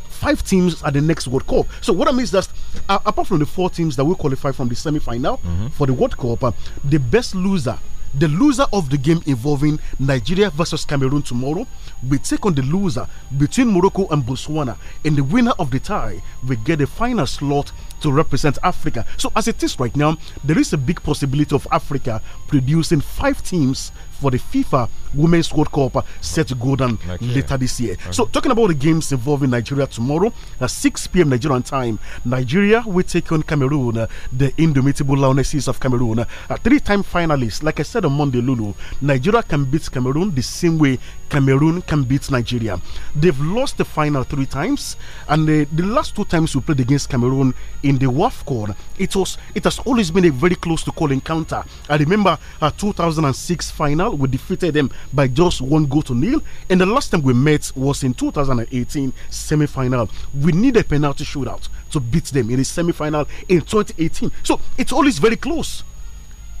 five teams at the next World Cup. So what I mean is that uh, apart from the four teams that will qualify from the semi-final mm -hmm. for the World Cup, uh, the best loser, the loser of the game involving Nigeria versus Cameroon tomorrow, we take on the loser between Morocco and Botswana, and the winner of the tie will get the final slot to represent Africa. So as it is right now, there is a big possibility of Africa producing five teams for the FIFA Women's World Cup set to go down okay. later this year. Okay. So, talking about the games involving Nigeria tomorrow at 6 p.m. Nigerian time, Nigeria will take on Cameroon, uh, the indomitable Lionesses of Cameroon, uh, three-time finalists. Like I said on Monday, Lulu, Nigeria can beat Cameroon the same way Cameroon can beat Nigeria. They've lost the final three times, and the, uh, the last two times we played against Cameroon in the Cup, it was it has always been a very close to call encounter. I remember a 2006 final, we defeated them by just one goal to nil. And the last time we met was in 2018 semi final. We need a penalty shootout to beat them in the semi final in 2018. So it's always very close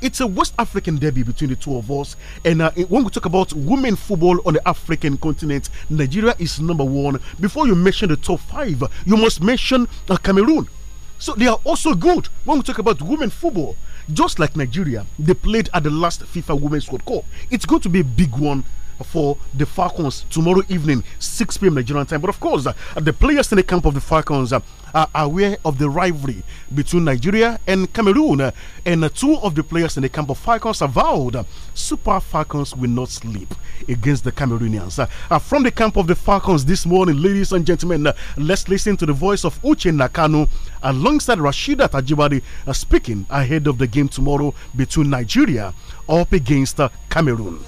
it's a West African derby between the two of us. And uh, when we talk about women football on the African continent, Nigeria is number one. Before you mention the top five, you must mention uh, Cameroon. So they are also good when we talk about women football just like Nigeria, they played at the last FIFA Women's World Cup. It's going to be a big one for the Falcons tomorrow evening, 6 p.m. Nigerian time. But of course, uh, the players in the camp of the Falcons uh, are aware of the rivalry between Nigeria and Cameroon. Uh, and uh, two of the players in the camp of Falcons have vowed uh, Super Falcons will not sleep against the Cameroonians. Uh, from the camp of the Falcons this morning, ladies and gentlemen, let's listen to the voice of Uche Nakano alongside Rashida Tajibadi speaking ahead of the game tomorrow between Nigeria up against Cameroon.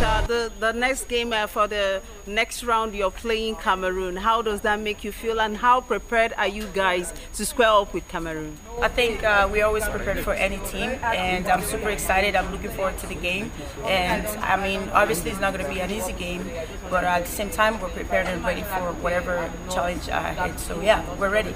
Uh, the, the next game uh, for the next round you're playing Cameroon. How does that make you feel and how prepared are you guys to square up with Cameroon? I think uh, we're always prepared for any team and I'm super excited. I'm looking forward to the game. And I mean, obviously it's not going to be an easy game, but at the same time we're prepared and ready for whatever challenge uh, ahead. So yeah, we're ready.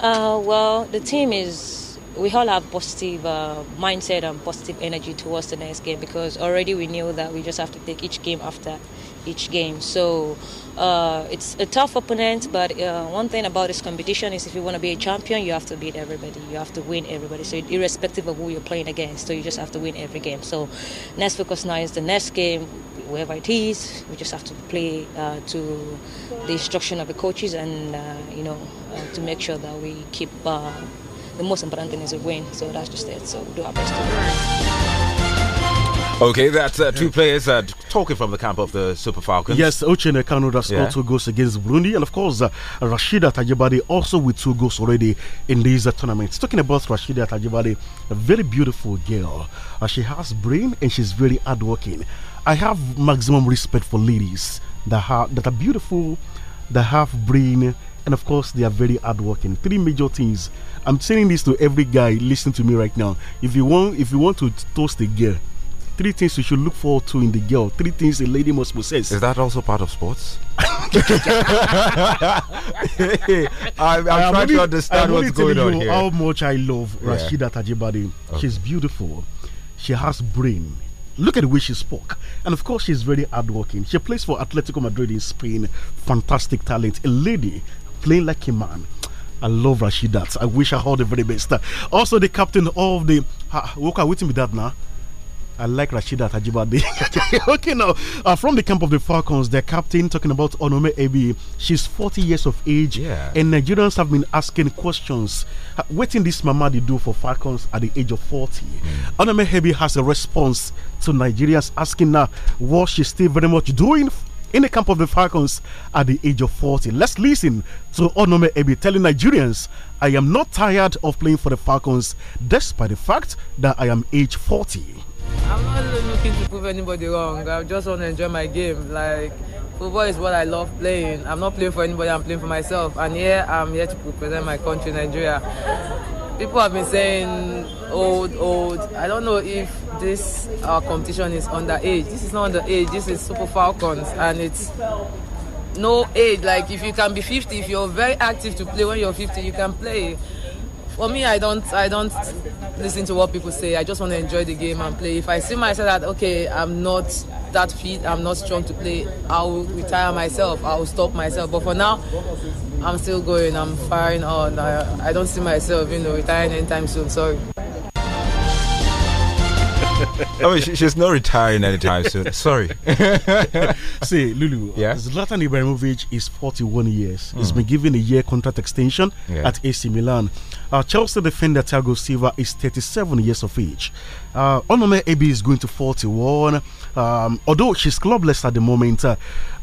well, the team is we all have positive uh, mindset and positive energy towards the next game because already we knew that we just have to take each game after each game. So uh, it's a tough opponent, but uh, one thing about this competition is if you want to be a champion, you have to beat everybody. You have to win everybody. So irrespective of who you're playing against, so you just have to win every game. So next focus now is the next game, wherever it is. We just have to play uh, to the instruction of the coaches and uh, you know uh, to make sure that we keep the most important thing is a win. So that's just it. So we'll do our best to win. Okay, that's uh, two players uh, talking from the camp of the Super Falcons. Yes, Ochene Kanu has yeah. two goals against Burundi, and of course, uh, Rashida Tajibadi also with two goals already in this uh, Talking about Rashida Tajibadi, a very beautiful girl. Uh, she has brain and she's very hardworking. I have maximum respect for ladies that are, that are beautiful, that have brain, and of course, they are very hardworking. Three major things I'm saying this to every guy listening to me right now. If you want, if you want to toast a girl, three things you should look forward to in the girl, three things a lady must possess. Is that also part of sports? I'm, I'm, I'm, trying only, to understand I'm what's going on here. How much I love yeah. Rashida Tajibadi. Okay. She's beautiful. She has brain. Look at the way she spoke. And of course, she's very hardworking. She plays for Atletico Madrid in Spain. Fantastic talent. A lady playing like a man. I love Rashidat. I wish her all the very best. Also, the captain of the. Uh, Walker, waiting with that now. I like Rashida Tajibade. okay, now uh, from the camp of the Falcons, their captain talking about Onome Ebi. She's 40 years of age, yeah. and Nigerians have been asking questions. Uh, what did this mama do for Falcons at the age of 40? Mm. Onome Ebi has a response to Nigerians asking her what she's still very much doing in the camp of the Falcons at the age of 40. Let's listen to Onome Ebi telling Nigerians, I am not tired of playing for the Falcons despite the fact that I am age 40. I'm not looking to prove anybody wrong. I just want to enjoy my game. Like, football is what I love playing. I'm not playing for anybody, I'm playing for myself. And here, I'm here to represent my country, Nigeria. people have been saying old, old. I don't know if this uh, competition is under age. This is not under age. This is Super Falcons, and it's no age. Like if you can be 50, if you're very active to play when you're 50, you can play. For me, I don't, I don't listen to what people say. I just want to enjoy the game and play. If I see myself that okay, I'm not that fit, I'm not strong to play, I'll retire myself. I'll stop myself. But for now, I'm still going. I'm firing on. I, I don't see myself, you know, retiring anytime soon. Sorry. oh, mean, she's not retiring anytime soon. Sorry. See, Lulu, uh, yeah? Zlatan Ibrahimovic is 41 years. Mm. He's hmm. been given a year contract extension yeah. at AC Milan. Uh, Chelsea defender Thiago Silva is 37 years of age. Uh, Onome Ebi is going to 41. Um, although she's clubless at the moment, uh,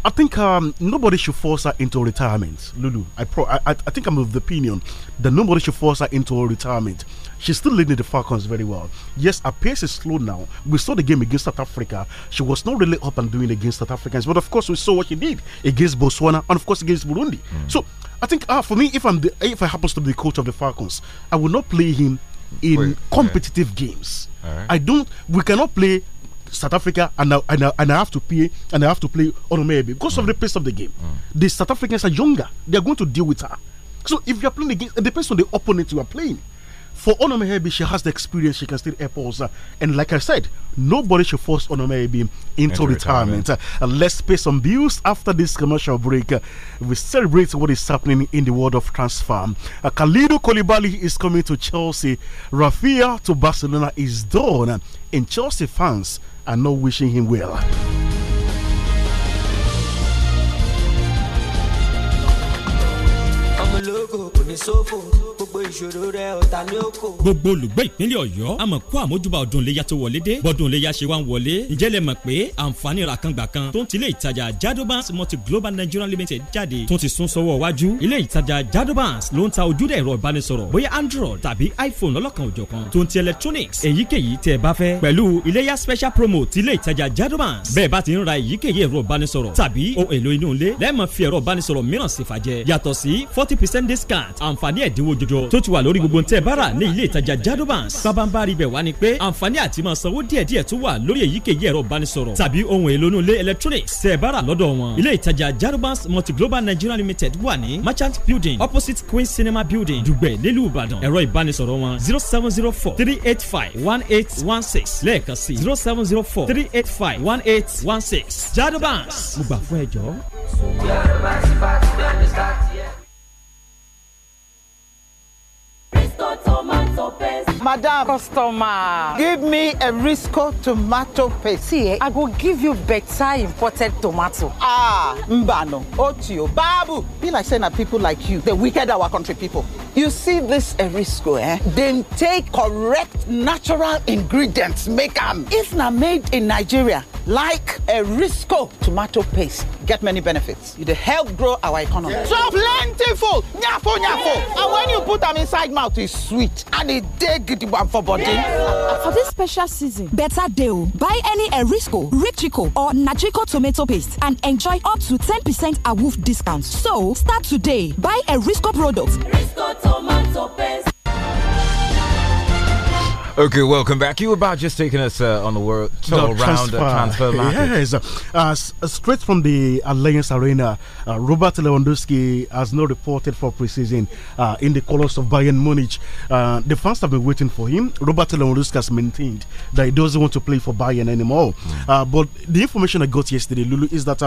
I think um, nobody should force her into retirement. Lulu, I, I, I, think I'm of the opinion that nobody should force her into retirement. She's still leading the Falcons very well. Yes, her pace is slow now. We saw the game against South Africa. She was not really up and doing against South Africans, but of course we saw what she did against Botswana and of course against Burundi. Mm. So I think ah, for me, if I'm the, if I happens to be the coach of the Falcons, I will not play him in Wait, competitive okay. games. Right. I don't. We cannot play South Africa and I, and and I have to play and I have to play Onomebe because mm. of the pace of the game. Mm. The South Africans are younger. They are going to deal with her. So if you are playing against, it depends on the opponent you are playing. For Onomehebi, she has the experience, she can still help us. and like I said, nobody should force Onomehebi into, retirement. retirement. Uh, uh, let's pay some bills after this commercial break. Uh, we celebrate what is happening in the world of transfer. Uh, Khalidou is coming to Chelsea. Rafia to Barcelona is done. And Chelsea fans are not wishing him well. mi sófò gbogbo ìṣòro rẹ ọ̀tá ni ó kò. gbogbo olùgbé ìpínlẹ̀ ọ̀yọ́ a mọ̀ kó àmójúbà ọdún iléyà tó wọlé dé bọ́dún iléyà ṣe wá ń wọlé ǹjẹ́ lẹ mọ̀ pé àǹfààní ràkàngbà kan tó ń tilé ìtajà jadobans multi global nigeria limited jáde tó ti sún sọ́wọ́ wájú ilé ìtajà jadobans ló ń ta ojúde ẹ̀rọ ìbánisọ̀rọ̀ bóyá android tàbí iphone lọ́lọ́kan òjọ̀kan tó ń ti electronics èyíkéyìí tẹ́ ẹ bá fẹ́ pẹ̀lú iléyà special promo ti ilé ìtajà jadobans bẹ́ẹ̀ bá ti ń ra èyíkéyìí ẹ̀rọ ìbánisọ̀rọ̀ tàbí ohun èlò inú ilé lẹ́ẹ̀mọ̀ fi ẹ̀rọ ìbánisọ̀rọ̀ mìíràn ṣèfàjẹ́ yàtọ̀ sí forty percent discount àǹfààní ẹ̀dínwó jọjọ tó ti wà lórí gbogbo ntẹ́ bára ní ilé ìtajà jadobans pabambari bẹ̀ wá ni pé àǹfààní àti máa sanwó díẹ̀díẹ̀ tó wà lórí èyíkéyìí ẹ̀rọ ìbánisọ̀rọ̀ tàbí ohun èlò inú electronics tẹ́ bára lọ́dọ̀ wọn ilé ìtajà jadobans multiglobal nigeria limited wà ní merchant building opposite queen cinema building dùgbẹ̀ nílùú ìbàdàn ẹ̀rọ ìbánisọ̀rọ̀ wọn zero seven zero four three eight five one eight one six lẹ́ẹ̀kan sí zero seven zero four three eight five one eight one six jadobans mo gbà fún Madam. Customer. Give me a Risco tomato paste. See, eh, I will give you better imported tomato. Ah, mbano, otio, oh, babu. Be like saying that people like you, they wicked our country people. You see this erisco, eh? Then take correct natural ingredients, make them. If not made in Nigeria, like erisco tomato paste, get many benefits. It help grow our economy. So plentiful, nyafo, nyafo. And when you put them inside mouth, it's sweet. And it dey good one for body. Uh, for this special season, better deal. Oh. Buy any erisco, Richico, or Najico tomato paste and enjoy up to 10% awoof discount. So start today. Buy erisco products. Risco Okay, welcome back. You were about just taking us uh, on the world tour the around uh, transfer, transfer market. Yes, uh, straight from the Alliance Arena, uh, Robert Lewandowski has not reported for preseason uh, in the colours of Bayern Munich. Uh, the fans have been waiting for him. Robert Lewandowski has maintained that he doesn't want to play for Bayern anymore. Mm. but the information I got yesterday, Lulu, is that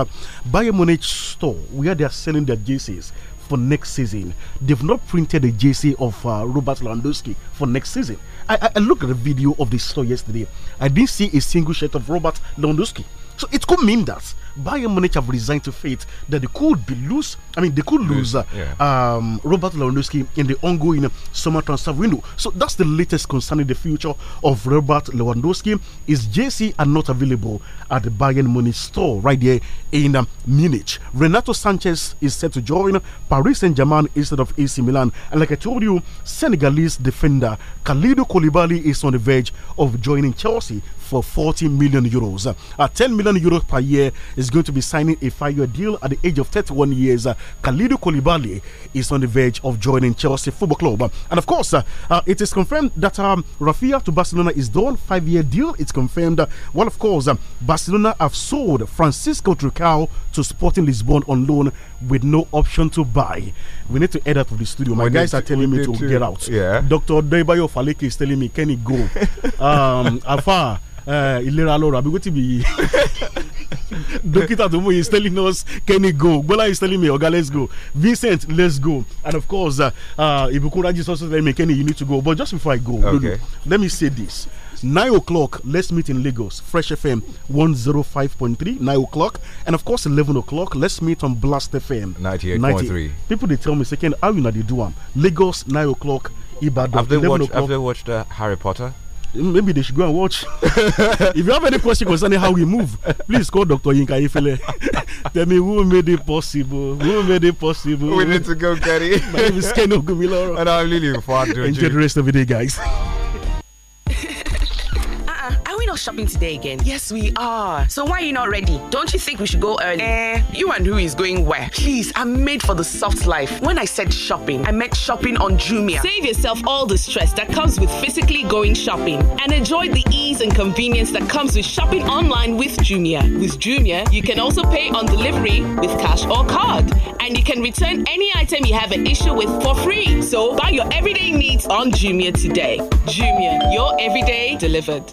Bayern Munich store where they are selling their jerseys for next season. They've not printed a jersey of uh, Robert Lewandowski for next season. I, I looked at the video of the store yesterday. I didn't see a single shirt of Robert Lewandowski. So it could mean that Bayern Munich have resigned to faith that they could be lose. I mean, they could lose, lose yeah. Uh, um, Robert Lewandowski in the ongoing summer transfer window. So that's the latest concerning the future of Robert Lewandowski. Is JC are not available at the Bayern Munich store right there in um, Munich. Renato Sanchez is set to join Paris Saint Germain instead of AC Milan. And like I told you, Senegalese defender Khalidou Koulibaly is on the verge of joining Chelsea for 40 million euros. Uh, 10 million euros per year is going to be signing a five year deal at the age of 31 years. Uh, Khalidu Koulibaly is on the verge of joining Chelsea Football Club. Uh, and of course, uh, uh, it is confirmed that um, to Barcelona is done, five year deal. It's confirmed. well, of course, um, Barcelona have sold Francisco Tricao to Sporting Lisbon on loan with no option to buy. We need to head out of the studio. My we guys are telling me to, to, get out. Yeah. Dr. Debayo Faliki is telling me, can he go? um, Afar. Eh, ìlera lọ́rọ̀ àbí wetin be dókítà tó mú is telling us kenny go Gola is telling me oga let's go vincent let's go and of course uh, uh, ibukunraji is also telling me kenny you need to go but just before i go okay. Lulu, let me say this nine o'clock let's meet in lagos fresh fm 105.3 nine o'clock and of course 11 o'clock let's meet on blast fm 98.3 people they tell me second how you know they do them lagos nine o'clock ibadan eleven they have they watched uh, harry potter maybe they should go and watch. if you have any question concerning how we move, please call Dr. Yinka Ifele. Tell me who made it possible. Who made it possible? We need to go, Gary. My name is Ken Ogumiloro. And I'm Lily Fadu. Enjoy the rest of the day, guys not shopping today again? Yes, we are. So why are you not ready? Don't you think we should go early? Eh, you and who is going where? Please, I'm made for the soft life. When I said shopping, I meant shopping on Jumia. Save yourself all the stress that comes with physically going shopping and enjoy the ease and convenience that comes with shopping online with Jumia. With Jumia, you can also pay on delivery with cash or card, and you can return any item you have an issue with for free. So buy your everyday needs on Jumia today. Jumia, your everyday delivered.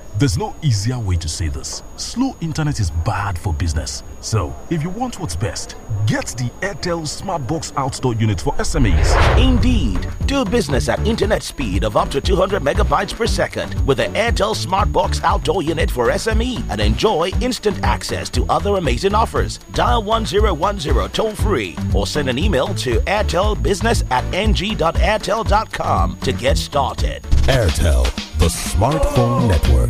There's no easier way to say this. Slow internet is bad for business. So, if you want what's best, get the Airtel Smartbox outdoor unit for SMEs. Indeed, do business at internet speed of up to 200 megabytes per second with the Airtel Smartbox outdoor unit for SME and enjoy instant access to other amazing offers. Dial 1010 toll free or send an email to airtelbusiness at ng.airtel.com to get started. Airtel, the smartphone network.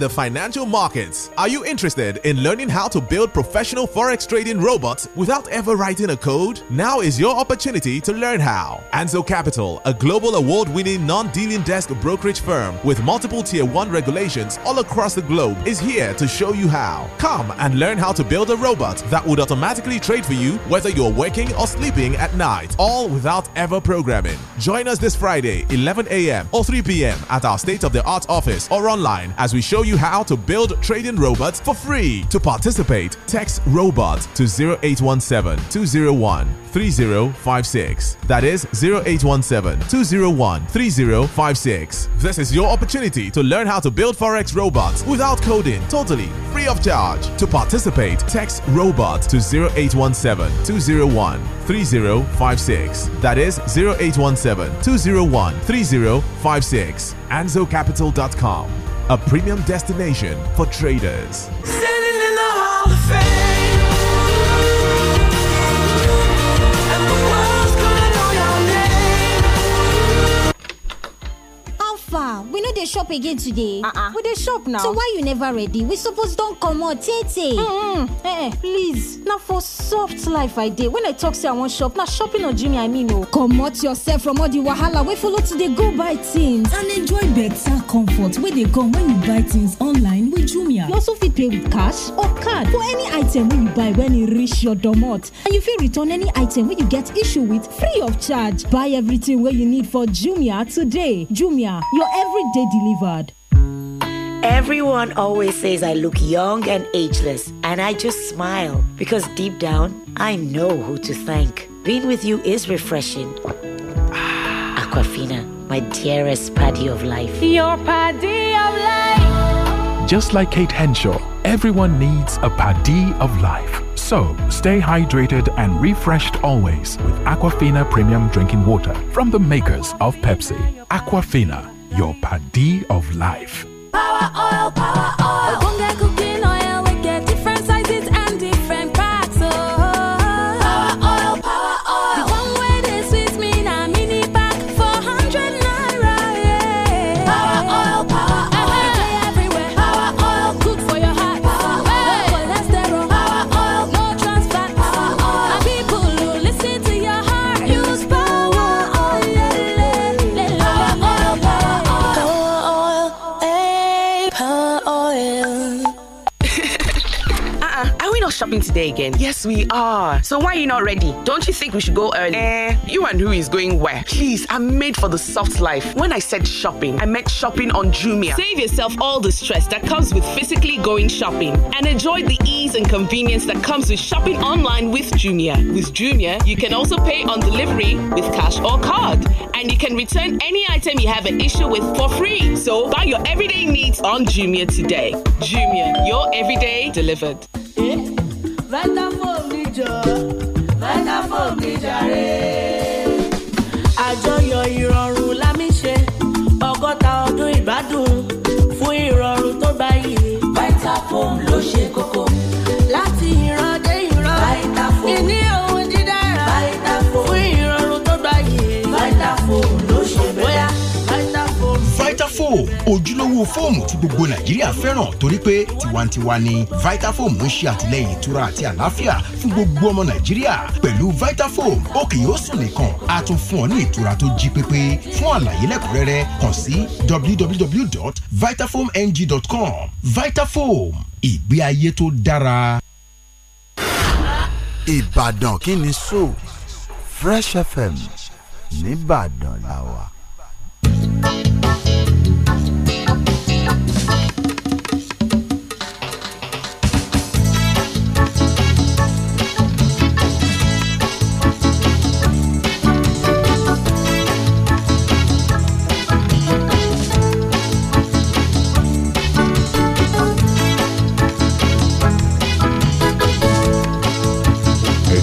the financial markets. Are you interested in learning how to build professional forex trading robots without ever writing a code? Now is your opportunity to learn how. Anzo Capital, a global award-winning non-dealing desk brokerage firm with multiple tier 1 regulations all across the globe is here to show you how. Come and learn how to build a robot that would automatically trade for you whether you're working or sleeping at night, all without ever programming. Join us this Friday, 11 a.m. or 3 p.m. at our state-of-the-art office or online as we show you you how to build trading robots for free. To participate, text robot to 0817-201-3056. That is 0817-201-3056. This is your opportunity to learn how to build Forex robots without coding, totally free of charge. To participate, text robot to 0817-201-3056. That is 0817-201-3056. AnzoCapital.com a premium destination for traders. far we know they shop again today uh-uh. we they shop now so why you never ready we suppose don comot tey tey eh please Now for soft life i dey when i talk say i want shop Now shopping on ojimi i mean o oh. comot yourself from all di wahala wey follow today. go buy things and enjoy better comfort wey dey come when you buy things online with jumia you also fit pay with cash or card for any item when you buy when you e reach your domot and you feel return any item when you get issue with free of charge buy everything wey you need for jumia today jumia you your everyday delivered. Everyone always says I look young and ageless, and I just smile because deep down, I know who to thank. Being with you is refreshing. Aquafina, my dearest paddy of life. Your paddy of life. Just like Kate Henshaw, everyone needs a paddy of life. So, stay hydrated and refreshed always with Aquafina Premium Drinking Water from the makers of Pepsi. Aquafina your Padi of life. Power oil, power oil. today again? Yes, we are. So why are you not ready? Don't you think we should go early? Eh, you and who is going where? Please, I'm made for the soft life. When I said shopping, I meant shopping on Jumia. Save yourself all the stress that comes with physically going shopping and enjoy the ease and convenience that comes with shopping online with Jumia. With Jumia, you can also pay on delivery with cash or card, and you can return any item you have an issue with for free. So buy your everyday needs on Jumia today. Jumia, your everyday delivered. Eh? vitafoam níjọ vitafoam níjàre àjọyọ̀ yìí. vitafoam ojúlówó Foam, tí gbogbo nàìjíríà fẹ́ràn torí pé tiwantiwa ni vitafoam ń ṣe àtìlẹ́yìn ìtura àti àlàáfíà fún gbogbo ọmọ nàìjíríà pẹ̀lú vitafoam ó kì yóò sùn nìkan a tún fún ọ ní ìtura tó jí pépé fún àlàyé lẹ́kùnrẹ́rẹ́ kàn sí www.vitafoamng.com vitafoam ìgbé ayé tó dára. ìbàdàn kí ni so Fresh FM nìbàdàn làwà.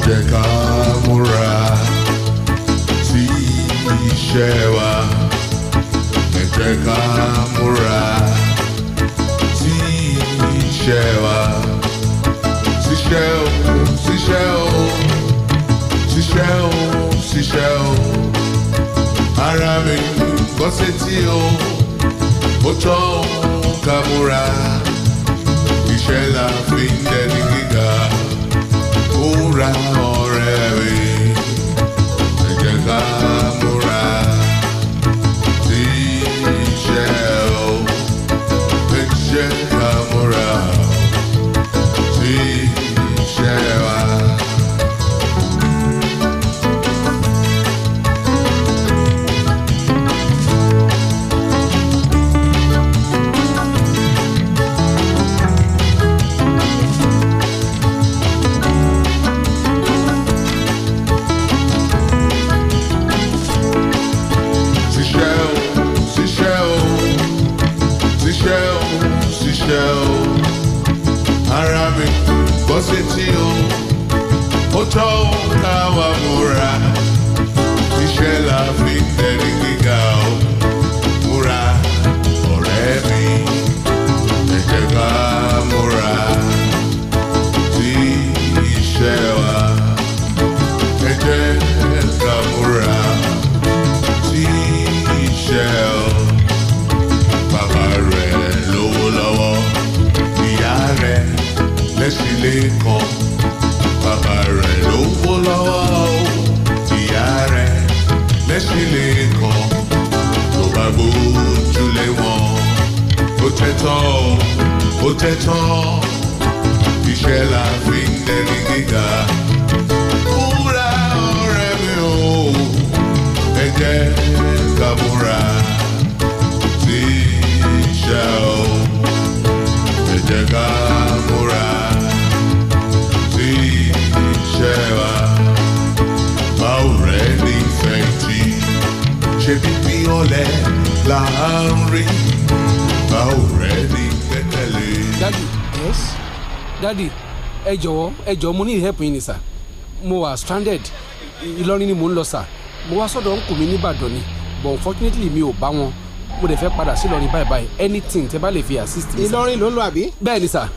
jẹ́ ká múra sí iṣẹ́ wa ẹ jẹ́ ká múra sí iṣẹ́ wa ṣiṣẹ́ o ṣiṣẹ́ o ṣiṣẹ́ o ṣiṣẹ́ o ara mi gbọ́ sétí o ó tọ́ òun ká múra iṣẹ́ la fi ń dẹ́. jọ mo ní help yín ni sà mo wà stranded Ìlọrin ni mo ń lọ sà mo wá sọ́dọ̀ ń kù mí nìbàdàn ni but unfortunately mi ò bá wọn mo dẹ̀ fẹ́ padà sí Ìlọrin báyìí báyìí anything tẹ bá lè fi assist mi. Ìlọrin ló ń lọ àbí. bẹ́ẹ̀ ni sà.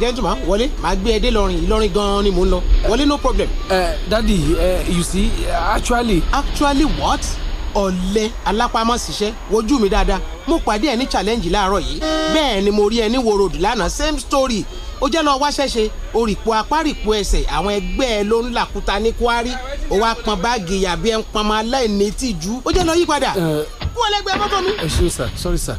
gentleman ah, wọlé màá gbé ẹ dé Ìlọrin Ìlọrin gan-an ni mò ń lọ wọlé no problem. ẹ eh, dadi eh, you see actually. actually what? ọ̀lẹ́ alápámọ́síṣẹ́ wojú mi dáadáa mo pàdé ẹ ní challenge láàárọ̀ yìí bẹ́ẹ̀ ni mo rí ẹ ní wo road lánàá same story ó jẹ́ lọ wáṣẹ́ ṣe orìpọ̀ apárìpọ̀ ẹsẹ̀ àwọn ẹgbẹ́ ẹ ló ń làkúta ní kwari ó wá pọn báàgì yàbí ẹ ń pọn ọmọ aláìní tìjú ó jẹ́ lọ yípadà. kú ọlẹ́gbẹ́ mọ́tò mi. ẹ ṣeun sir sorry sir.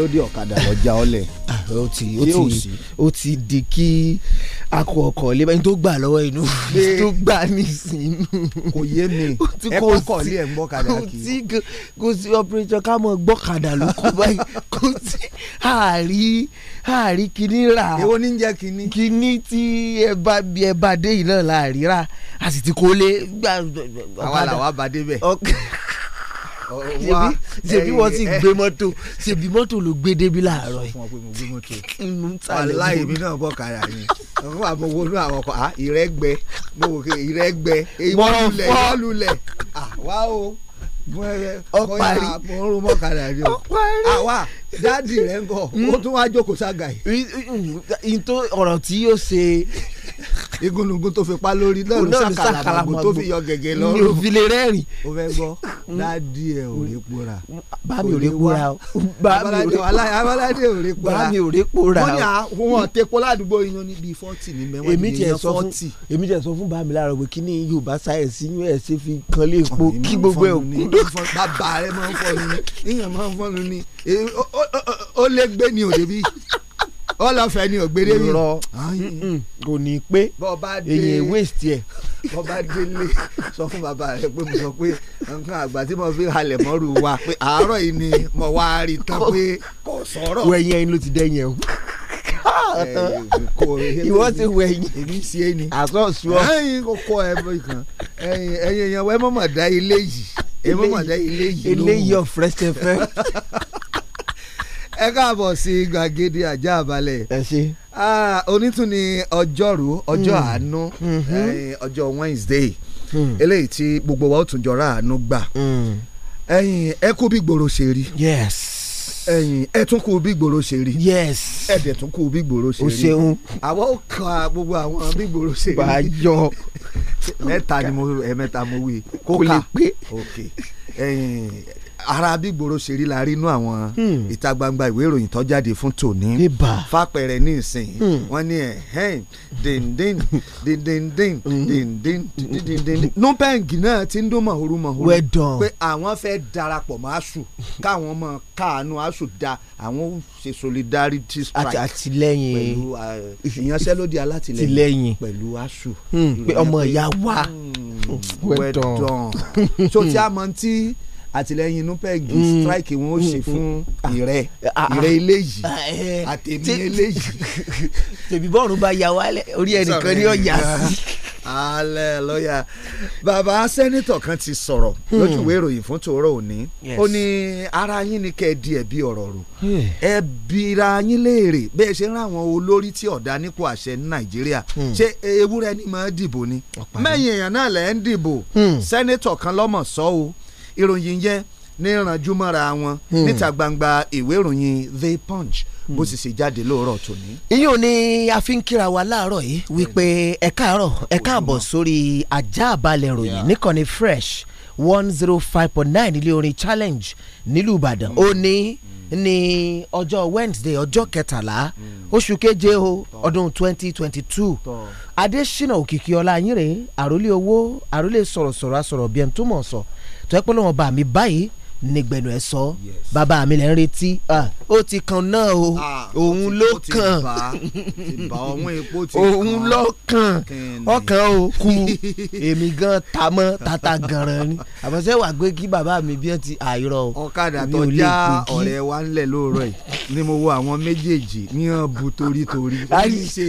ọlọ́dẹ ọ̀kadà lọ́jà ọ̀lẹ̀ ah, ó ti ó ti ó ti di kí akọ ọkọ̀ lé báyìí tó gbà lọ́wọ́ inú tó gbà nísìnyí. kò yé mi ẹ kọ́ ọkọ̀ lé ẹ̀ ń gbọ́kadà kì í. kò sí operation ká mọ̀ gbọ́kadà ló kú báyìí kò sí àárí àárí kíní rà. èwo ní jẹ́ kíní. kíní tí ẹ bá bí ẹ bá dé yìí náà láàrí rà a sì ti kó lé. àwa làwa bá dé bẹ́ẹ̀ wá ṣèbí wọ́n sì eh, eh, gbé mọ́tò ṣèbí mọ́tò ló gbé débi láàárọ̀ yìí. sọ fún ọ pé mo gbé mọ́tò aláì mi náà bọ̀ kára mi fún àwọn owó inú àwọn ah ìrẹ́gbẹ́ mo wò pé ìrẹ́gbẹ́ ìwọ́lulẹ̀ ìwọ́lulẹ̀ ah, wá o ọparí ọrùn mọ́kàlà rẹ àwa dáàdì rẹ ń bọ̀ hmm. ó tún wá jókòó ságà yìí. ọ̀rọ̀ tí yóò ṣe igúnnugún tó fi pa lórí náà ló sàkàlàmàgbò tó fi yọ gègé lọ́rùn mi ò fi lè rẹ́rìn. o fẹ́ gbọ́ dáàdi ẹ̀ ò rí pora. bá mi ò rí pora o bá mi ò rí pora abalade ò rí pora bá mi ò rí pora o. wọ́n yà wọ́n tẹ kó ládùúgbò yan ní bíi fọ́tì ní mẹ́wọ́n ní yan fọ́tì. èmi tiẹ̀ sọ fún bá mi lára pé kí ni yorùbá sáyẹ̀nsì yín ẹ̀ ṣe fi kan lé epo kí gbogbo ẹ̀ kú. bàbá rẹ máa ń fọnu ni ìyàn máa ń fọnu ni ó lé gbé ni òde bíi ọlọfẹ ni ògbére mi. rọ kò ní pé èyí waste yẹ. bọ́ba délé sọ fún bàbá rẹ pé mo sọ pé nǹkan àgbà tí mo fi halẹ̀ mọ́rù wa pé àárọ̀ yìí ni mo wá rí tán pé kò sọ̀rọ̀. wẹ̀yìn ẹni ló ti dẹ́yìn o ìwọ ti wẹ yín èmi ṣe é ni àtọ sùọ ẹyin kókó ẹbí kan ẹyin ẹyin ẹyin ọwọ ẹ mọ̀mọ̀ dá ilé yìí ẹ mọ̀mọ̀ dá ilé yìí lóhùn ilé yìí ọ̀frẹ́sẹ̀fẹ́ ẹ káàbọ̀ sí gbàgede àjà àbálẹ̀ ẹ ṣe onítùn ni ọjọ́rú ọjọ́ hmm. àánú hmm. ọjọ́ Wednesday hmm. eléyìí tí gbogbo wa ó tún jọra àánú gbà ẹ̀yin ẹ kú bí gbòòrò ṣe rí. yes ẹ̀yin ẹ tún kú bí gbòòrò ṣe rí. yes ẹ dẹ̀ tún kú bí gbòòrò ṣe rí. o ṣeun. àwọn ò ka gbogbo àwọn bí gbòòrò ṣe rí. bá a jọ. mẹ́ta ni mo ẹ mẹ́ta mo wí. kó ká ok ẹ̀yin ara bí gbòòrò ṣe rí la rí inú àwọn hmm. ìta gbangba ìwé ìròyìn tó jáde fún tòní fapẹ̀rẹ̀ ní ìsìn hmm. wọ́n ní ẹ̀hẹ́n hmm. náà ti ń dún mọ̀húrú mọ̀húrú pé àwọn fẹ́ darapọ̀ mọ́ aṣù káwọn mọ káàánú aṣù da àwọn ṣe solidarity strike àtìlẹ́yìn pẹ̀lú ìyanṣẹ́lódì alátìlẹ́yìn pẹ̀lú aṣù pé ọmọ ìyá wa wẹ̀ so tí a mọ̀ ti àtìlẹyìn nupegi mm. strike wọn ó ṣe fún ìrẹ ìrẹ eléyìí àtẹmí eléyìí. tèmi bọ́ọ̀rù bá ya wálẹ̀ orí ẹnìkan ni ó yà sí. alẹ́ lọ́ọ̀yà bàbá sẹ́nitọ̀ kan ti sọ̀rọ̀ hmm. lójú ìwé ìròyìn fún tòórọ́ òní ó ní ara yín ni kẹ́ ẹ di ẹ̀bi ọ̀rọ̀ rò ẹ bira yín léèrè bẹ́ẹ̀ ṣe ń ráwọn olórí tí ọ̀dà nípò àṣẹ ní nàìjíríà hmm. ṣé ewúrẹ́ ni màá dìbò ni mẹ́yìn èèyàn náà lẹ́ ń dìbò hmm. sẹ́nitọ̀ kan lọ́mọ̀ sọ́ o ìròyìn yẹn ní ìrànjú mọ́ra wọn hmm. níta gbangba ìwé ìròyìn The Punch bó hmm. sì ṣe jáde lóòrọ̀ tòní. iyún ni a fi ń kíra wa láàárọ̀ yìí wípé ẹ káàárọ̀ ẹ káàbọ̀ sórí ajá àbálẹ̀ ìròyìn níkànnì fresh one zero five point nine ilé orin challenge nílùú Ìbàdàn ó ní ní ọjọ́ Wednesday ọjọ́ kẹtàlá hmm. oṣù keje o ọdún twenty twenty two Adésínà Òkìkíọlá yínrè àròlé owó àròlé sọ̀rọ̀sọ̀rọ̀ àsọ̀rọ̀ bíẹ̀ tó mọ̀ sọ̀rọ̀ tó yẹ pé lọ́wọ́ bá mi báyìí nígbẹ̀nu ẹ̀ sọ bàbá mi lẹ́ ń retí ó ti kan náà o òun ló kàn òun ló kàn ọkàn o kú èmi gan ta mọ́ tata gànràn ni àbọ̀sẹ́ wà gbé kí bàbá mi bí wọ́n ti àìrọ̀ o ọ̀kadà tó já ọ̀rẹ́ wa ńlẹ̀ lóòrọ̀ yìí ni mo wo àwọn méjèèjì ní hàn bu torítorí.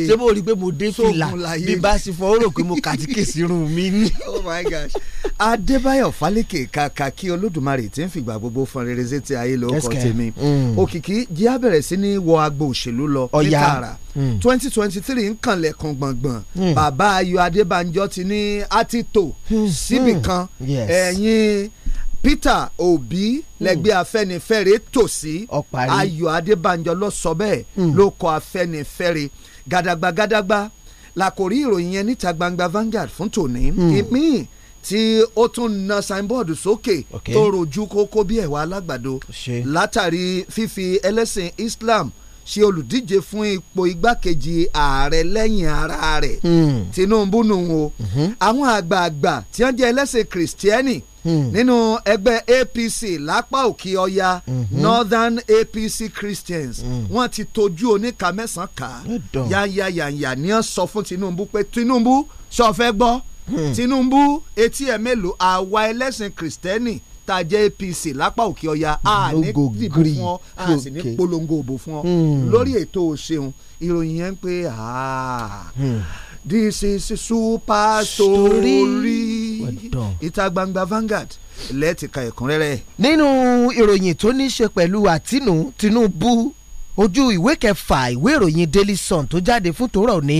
ṣé mo rí i pé mo dé fìlà bí bá sì fọ ó rò pé mo kàtíkèsí irun mi ní. oh my gosh adébáyọ̀ fálékè kàkà kí olódùmarè ti ń fi fìgbà gbogbo fọn rere sétí ayé ló kọ tèmi mm. òkìkí jí á bẹ̀rẹ̀ sí ní wọ agbo òṣèlú lọ ní tààrà mm. twenty twenty three ń kànlẹ̀ kan gbọ̀ngbọ̀n mm. bàbá Ayọ̀ Adébánjọ ti ní àtìtò hmm. síbì hmm. kan ẹ̀yìn Peter Obi hmm. lẹ́gbẹ́ Afẹ́nifẹ́re tòsí Ayọ̀ Adébánjọ ló sọ bẹ́ẹ̀ ló kọ Afẹ́nifẹ́re gàdàgbà gàdàgbà làkòrí ìròyìn yẹn níta gbangba Vanguard fún tòní ìmíì. Mm. E tí ó tún na signboard sókè tó rojú kókó bí ẹ̀wà alágbàdo látàrí fífi ẹlẹ́sìn Islam ṣe olùdíje fún ipò igbákejì ààrẹ lẹ́yìn ara rẹ̀ hmm. Tinubu nù o mhm. àwọn àgbààgbà tí wọ́n jẹ́ ẹlẹ́sìn Kristẹni hmm. nínú ẹgbẹ́ APC lápá òkè ọya mhm. Northern APC Christians hmm. wọ́n ti tọ́jú oníka mẹ́sàn-án ká yáyáyáyá ni wọ́n sọ fún Tinubu pé Tinubu sọ fẹ́ gbọ́ Hmm. Tinubu etí ẹ̀ mélòó àwa ẹlẹ́sìn Kristẹni ta jẹ́ APC lápá òkè ọya a ní dìbò fún ọ a sì ní polongo òbò fún ọ hmm. lórí ètò òṣèlú ìròyìn yẹn ń pè ah, hmm. this is super story ìta gbangba Vanguard lẹ́ẹ̀tìka ẹ̀kúnrẹ́rẹ́. nínú ìròyìn tó ní í ṣe pẹ̀lú àtinú Tinubu ojú ìwé kẹfà ìwé ìròyìn Daily Sun tó jáde fún tòórọ̀ ní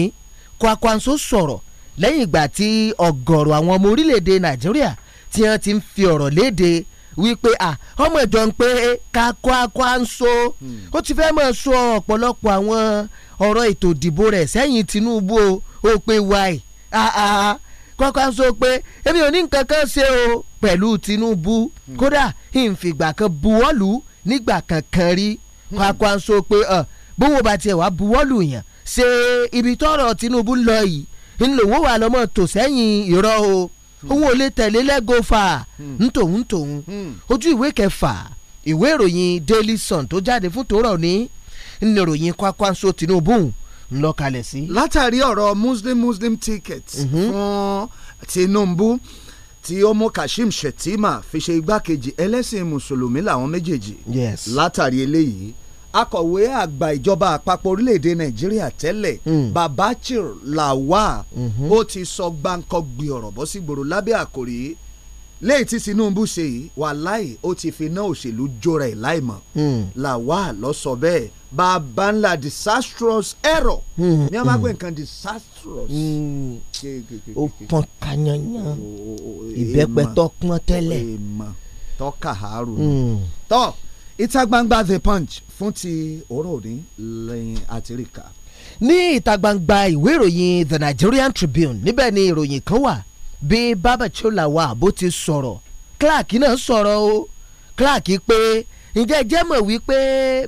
Kwakwanso sọ̀rọ̀ lẹ́yìn ìgbà tí ọ̀gọ̀rọ̀ àwọn ọmọ orílẹ̀-èdè nàìjíríà tí wọ́n ti ń fi ọ̀rọ̀ léde wípé ọmọ ìjọ ń pé kakọ́akọ́ à ń so hmm. ó ti fẹ́ mọ̀ so ọ̀pọ̀lọpọ̀ àwọn ọ̀rọ̀ ètò ìdìbò rẹ̀ sẹ́yìn Tinubu o ó pé wáì kọ́kọ́ à ń so pé èmi ò ní nǹkan kan ṣe o pẹ̀lú Tinubu hmm. kódà ìfìgbà kan buwọ́lù nígbà kankan rí hmm. kakọ́ à ń so pé bówó bá tiẹ̀ wá buwọ́lù yẹn ṣe ibi tọ́rọ̀ Tinubu ń lọ yìí ńlòwó wà lọ́mọ tò sẹ́yìn irọ́ o hmm. òun ò tẹ̀lé lẹ́gọ́fà ńtòun hmm. ńtòun hmm. ojú ìwé kẹfà ìwé ìròyìn Daily Sun tó jáde fún tòórọ̀ ní ìròyìn Kwakwanso Tinubu ńlọ sí. látàrí ọ̀rọ̀ Muslim Muslim ticket mhm. fún Tinubu tí ó mú Kashim Shettima fi ṣe igbákejì ẹlẹ́sìn mùsùlùmí làwọn méjèèjì látàrí eléyìí akọ̀wé àgbà ìjọba àpapọ̀ orílẹ̀-èdè nàìjíríà tẹ́lẹ̀ hmm. babachir lawal mhm. ó ti sọ gbàǹkangbì ọ̀rọ̀ bọ́ sí gbòòrò lábẹ́ àkòrí lẹ́yìn tí tinubu ṣe yìí wàláì ó ti fi iná òṣèlú jóra ẹ̀ láìmọ̀ hmm. lawal ló sọ bẹ́ẹ̀ bàbá ńlá disastrous error hmm. ní a máa gbé nǹkan disastrous. ó pọn kanyanyan ìbẹ́pẹ tó pọn tẹ́lẹ̀. tọ́ka àárò tọ́ ìta gbangba the punch fún ti òórùn òní lẹ́yìn àtìríkà. ní ìta gbangba ìwé ìròyìn the Nigerian Tribune níbẹ̀ ni ìròyìn kan wà bí babachola wa bó ti sọ̀rọ̀ Clark náà sọ̀rọ̀ o Clark pé ǹjẹ́ ẹ jẹ́ mọ̀ wípé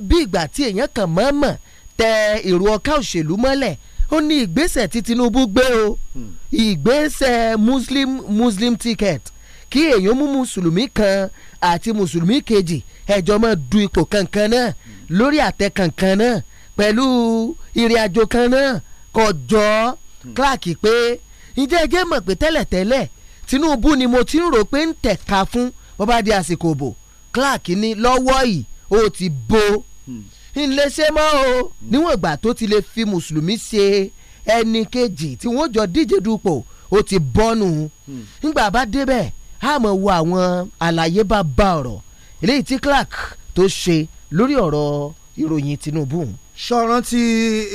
bí ìgbà tí èèyàn kan mọ̀ọ́mọ̀ tẹ ìrù ọ̀ká òṣèlú mọ́lẹ̀ ó ní ìgbésẹ̀ tí Tinubu gbé o hmm. ìgbésẹ̀ Muslim Muslim ticket kí èèyàn mú mùsùlùmí kan àti mùsùlùmí kejì ẹjọ́ máa du ipò kankan náà lórí àtẹ kankan náà pẹ̀lú ìrìn àjò kan náà kọjọ́ Clark pé ǹjẹ́ ẹ mọ̀ pé tẹ́lẹ̀tẹ́lẹ̀ Tinubu ni mo ti ń rò pé ń tẹ̀ka fún bó bá di àsìkò òbò Clark ní lọ́wọ́ yìí ó ti bo ńlẹ́sẹ̀ mọ́ o níwọ̀n ìgbà tó ti lè fi mùsùlùmí ṣe ẹnì kejì tí wọ́n jọ díje dupò ó ti bọ́nu ńgbà bá débẹ̀ a máa wo àwọn àlàyé bá bá ọ̀rọ̀ eléyìí tí Clark tó ṣe lórí ọ̀rọ̀ ìròyìn Tinubu. sọ̀rọ̀ tí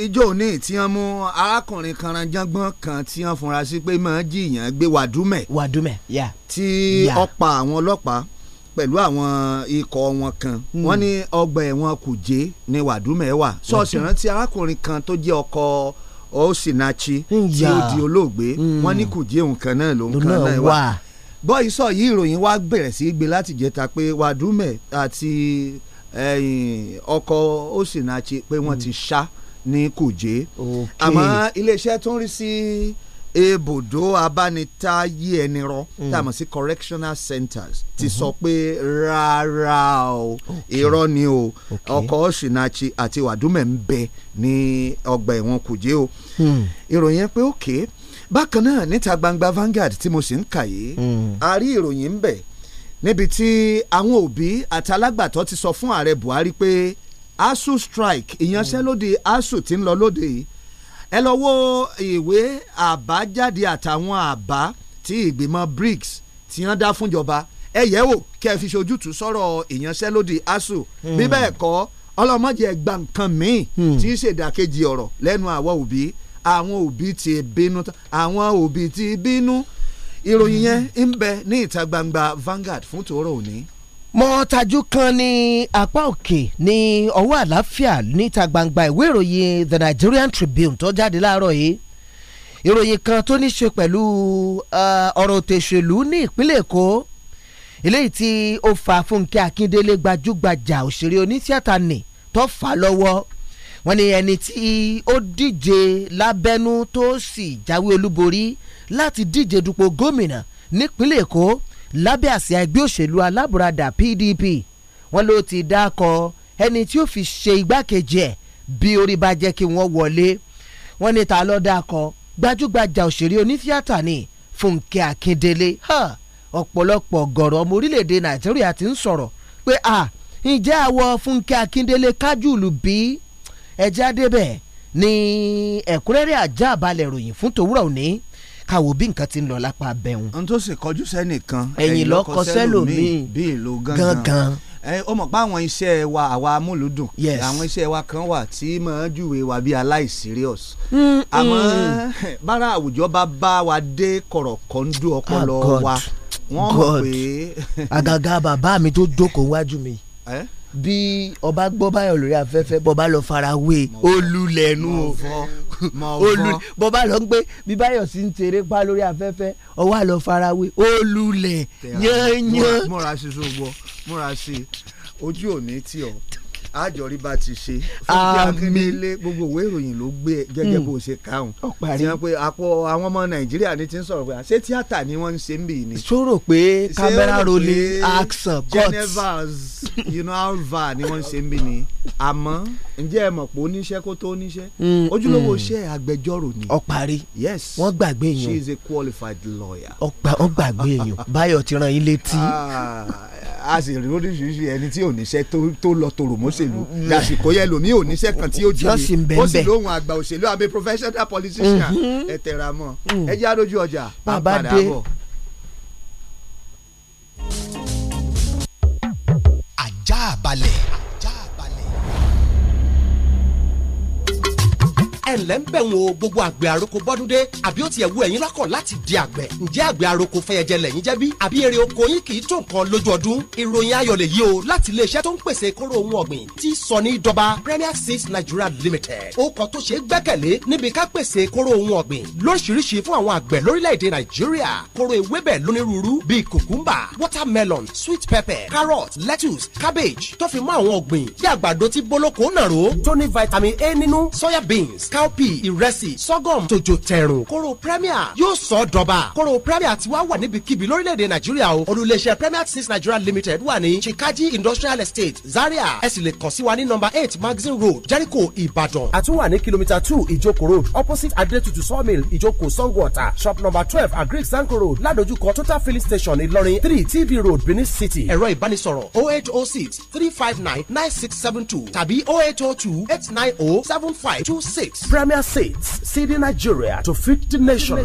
ijó òní tí wọ́n mú arákùnrin kanranjangbọ́n kan tí wọ́n fúnra sí pé máa jìyàn gbé wàdúmẹ̀. wàdúmẹ̀ yà. tí ó àwọn ọlọ́pàá pẹ̀lú àwọn ikọ̀ wọn kan hmm. wọ́n ní ọgbà ẹ̀wọ̀n Kùjé ní wàdúmẹ̀ wà sọ́ọ̀sì hmm. rántí arákùnrin kan tó jẹ́ ọkọ Osinachi hmm, tí ó di olóògbé wọ́n ní Kùjé nǹkan náà ló ń kan náà wà bọ́ọ̀yì sọ yìí ìròyìn wá bẹ̀rẹ̀ sí í gbé láti jẹta pé wàdúmẹ̀ àti ọkọ̀ Osinachi pé wọ́n ti mm. sá ní kùjé àmọ́ iléeṣẹ́ tó ń rí sí ibùdó abánitáyé ẹni rọ tá a mm. mọ̀ sí correctional centers ti mm-hmm. sọ pé rárá o irọ́ ni o ọkọ̀ Osinachi àti wàdúmẹ̀ ń bẹ ní ọgbà ẹ̀wọ̀n kùjé o hmm. ìròyìn pé òkè. Okay bákan náà níta gbangba Vanguard tí mo sì ń kà yìí hmm. a rí ìròyìn ń bẹ̀ níbi tí àwọn òbí àti alágbàtọ́ ti sọ fún ààrẹ Buhari pé ASUU strike ìyanṣẹ́lódì ASUU ti ń lọ lóde yìí ẹ lọ wo ìwé àbájáde àtàwọn àbá tí ìgbìmọ̀ BRICS tí wọ́n dá fúnjọba ẹ yẹ̀ wò kẹ́ ẹ fi ṣojútùú sọ̀rọ̀ ìyanṣẹ́lódì ASUU hmm. bí bẹ́ẹ̀ kọ́ ọlọ́mọdé nǹkan míì hmm. tí í ṣèdàkejì ọ̀rọ̀ lẹ́nu àwa òbí àwọn òbí ti bínú àwọn òbí ti bínú ìròyìn yẹn ń bẹ ní ìta gbangba Vanguard fún tòórọ òní. mo tajú kan ní apá òkè ní ọwọ́ àlàáfíà níta gbangba ìwé ìròyìn The Nigerian Tribune tó jáde láàárọ̀ yìí ìròyìn kan tó ní ṣe pẹ̀lú ọ̀rọ̀ òtẹ̀ṣèlú ní ìpínlẹ̀ Èkó eléyìí tí ó fa Fúnkẹ́ Akíndélé gbajúgbajà òṣèré onítíátà nì tó fà lọ́wọ́ wọ́n ní ẹni tí ó díje lábẹ́nú tó sì jáwé olúborí láti díje dupò gómìnà nípínlẹ̀ èkó lábẹ́ àsíá ẹgbẹ́ òṣèlú alábùradà PDP wọ́n ló ti dákọ ẹni tí ó fi ṣe igbákejì ẹ̀ bí orí bá jẹ́ kí wọ́n wọlé wọ́n ní ta ló dákọ gbajúgbajà òṣèré onítíátà ni Fúnkẹ́ Akíndélé ọ̀pọ̀lọpọ̀ gọ̀rọ̀ ọmọ orílẹ̀-èdè Nàìjíríà ti ń sọ̀rọ̀ pé à ǹjẹ́ àwọ̀ Fúnkẹ́ Akíndélé kájùlù bíi ẹjẹ́ adébẹ̀ ní ẹ̀kúnrẹ́rẹ́ ajá àbálẹ̀ ròyìn fún tòwúrọ̀ òní káwo bí nǹkan ti ń lọ lápá abẹ́hùn. n tó sì kọjú sẹ́nìkan ẹ̀yìn lọ́kọ sẹ́lòmíì bí ìlú gangan ó mọ̀ pé àwọn iṣẹ́ wa àwa amúlùdùn àwọn iṣẹ́ wa kan wà tí máa júwe wa bí aláìsíríọ̀s àmọ́ bára àwùjọ bá bá wa dé kọ̀rọ̀kọ̀ndú ọpọlọ ah, wa wọ́n mọ̀ pé. àgàgà bàbá mi tó jókòó wájú mi. Eh? bí ọba gbọ́ báyọ̀ lórí afẹ́fẹ́ bọba lọ fara wé olùlẹ̀nu olù bọba lọ ń gbé bí báyọ̀ sí ń tèrè pa lórí afẹ́fẹ́ ọwọ́ àlọ́ fara wé olùlẹ̀ yányán. múra sí sógbó múra sí ojú òní tí ọ àjọrí bá ti ṣe fúnkẹ́ akíndélé gbogbo òwe ìròyìn ló gbé e gẹ́gẹ́ hmm. bó ṣe káwọn tí wọ́n pe àpò àwọn ọmọ nàìjíríà ni ti ń sọ̀rọ̀ pé ṣé tíátà ni wọ́n ń ṣe ń bì ní. sọ̀rọ̀ pé camera rolling action cut. genevas you know alva ni wọ́n ń ṣe ń bì ní àmọ́ ǹjẹ́ ẹ mọ̀ pé oníṣẹ́ kó tó oníṣẹ́ hmm, ojúlówó hmm. iṣẹ́ agbẹjọ́rò ni. ọ̀parí yes wọ́n gbàgbé yẹn she is a qualified lawyer. ọ̀gbàgbé yẹn báyọ̀ ti rán yín létí. Ah, a sì rí ẹni tí ò tó lọ tòrò mọ́ṣèlú dàsìkò yẹn lòmí ò níṣẹ́ kan tí ó jẹ́ ó sì lóhun àgbà òṣèlú àbí professional politician mm-hmm. ẹ tẹ̀ra mọ́ mm. ẹ jẹ́ àdójú ọjà àpàdà bọ̀. ajá balẹ̀. ẹ̀lẹ́ ń bẹ̀ wọ́n gbogbo àgbẹ̀ àroko bọ́dúndé àbí ó tiẹ̀ wú ẹ̀yin lọ́kàn láti di àgbẹ̀ ǹjẹ́ àgbẹ̀ àroko fẹyẹjẹ lẹ́yìn jẹ́ àbí erè oko yín kì í tó nǹkan lójú ọdún ìròyìn ayọ̀ lèyí o láti iléeṣẹ́ tó ń pèsè kóró ohun ọ̀gbìn tí sọ ní dọba Premier Six Nigeria Limited ó kàn tó ṣe é gbẹ́kẹ̀lé níbi ká pèsè kóró ohun ọ̀gbìn lóríṣiríṣi fún àwọn àgbẹ̀ lórílẹ̀‐èdè watermelon sweet pepper carrot lettuce cabbage tó fi mọ́ àwọn ọ̀gbìn bí àgbàdo tí vitamin A nínú soya cowpea ìrẹsì sorghum tòjò tẹ̀rùn kóró premier yóò sọ ọ́ dọ́ba kóró premier ti wá wà níbikíbi lórílẹ̀‐èdè nàìjíríà o olùléṣẹ́ premier tins nigeria limited wà ní chikaji industrial estate zaria ẹ sì lè kàn sí wa ní number eight magazine road jericho ìbàdàn. a tún wà ní kìlómítà two ìjókòó road opposite adetutu sawmill ìjókòó sango shop number twelve agric zanko road ládojúkọ total filling station ìlọrin three tv road benin city. ẹ̀rọ ìbánisọ̀rọ̀ oh eight oh six three five nine nine six seven two tàbí oh eight oh two eight nine oh seven five two six. Premier Seats, seeding Nigeria to the nation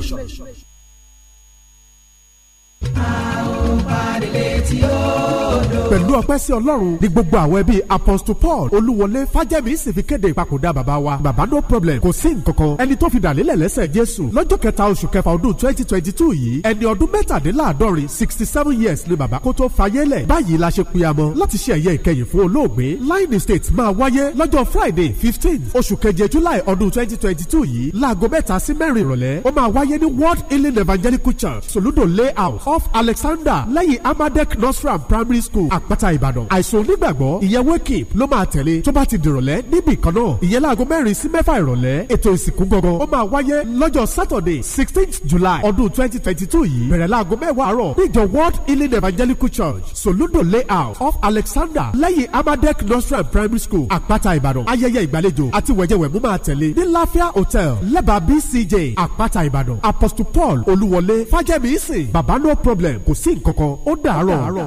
pẹ̀lú ọpẹ́ sí ọlọ́run ní gbogbo àwọn ẹbí apostle paul olúwọlé fájẹ́mi sì fi kéde ìpapòdà bàbá wa bàbá no problem kò sí nǹkankan ẹni tó fi dàlélẹ̀ lẹ́sẹ̀ jésù lọ́jọ́ kẹta oṣù kẹfà ọdún twenty twenty two yìí ẹni ọdún mẹ́tàdínláàdọ́rin sixty seven years ni bàbá kó tó fayé lẹ̀ báyìí la ṣe pìyàmọ́ láti ṣe ẹ̀yẹ ìkẹyìn fún olóògbé line state máa wáyé lọ́jọ́ friday fifteen oṣù keje july ọdún twenty twenty two yìí láago mẹ́ta sí mẹ́rin ìrọ̀lẹ́ ó máa wáyé ní world evangelical church soludo layout Of alexander lẹ́yìn amadek nursery primary school àpáta ìbàdàn àìsàn onígbàgbọ́ ìyẹn wake up ló máa tẹ̀lé tó bá ti dìrọ̀lẹ́ níbì kan náà ìyẹn láago mẹ́rin sí mẹ́fà ìrọ̀lẹ́ ètò ìsìnkú gangan ó máa wáyé lọ́jọ́ saturday sixteenth july ọdún twenty twenty two yìí bẹ̀rẹ̀ láago mẹ́wàá àárọ̀ níjọ world healing evangelical church soludo layout of alexander lẹ́yìn amadek nursery primary school àpáta ìbàdàn ayẹyẹ ìgbàlejò àti wẹ̀jẹ̀wẹ̀mú máa tẹ̀lé ní lafia hotel lẹ́bàá bcj àpáta ìbàdàn apostle paul olúwọlé fájẹ́mi ìsìn bàbá no problem kò sí nǹkan kan ó dàárọ̀.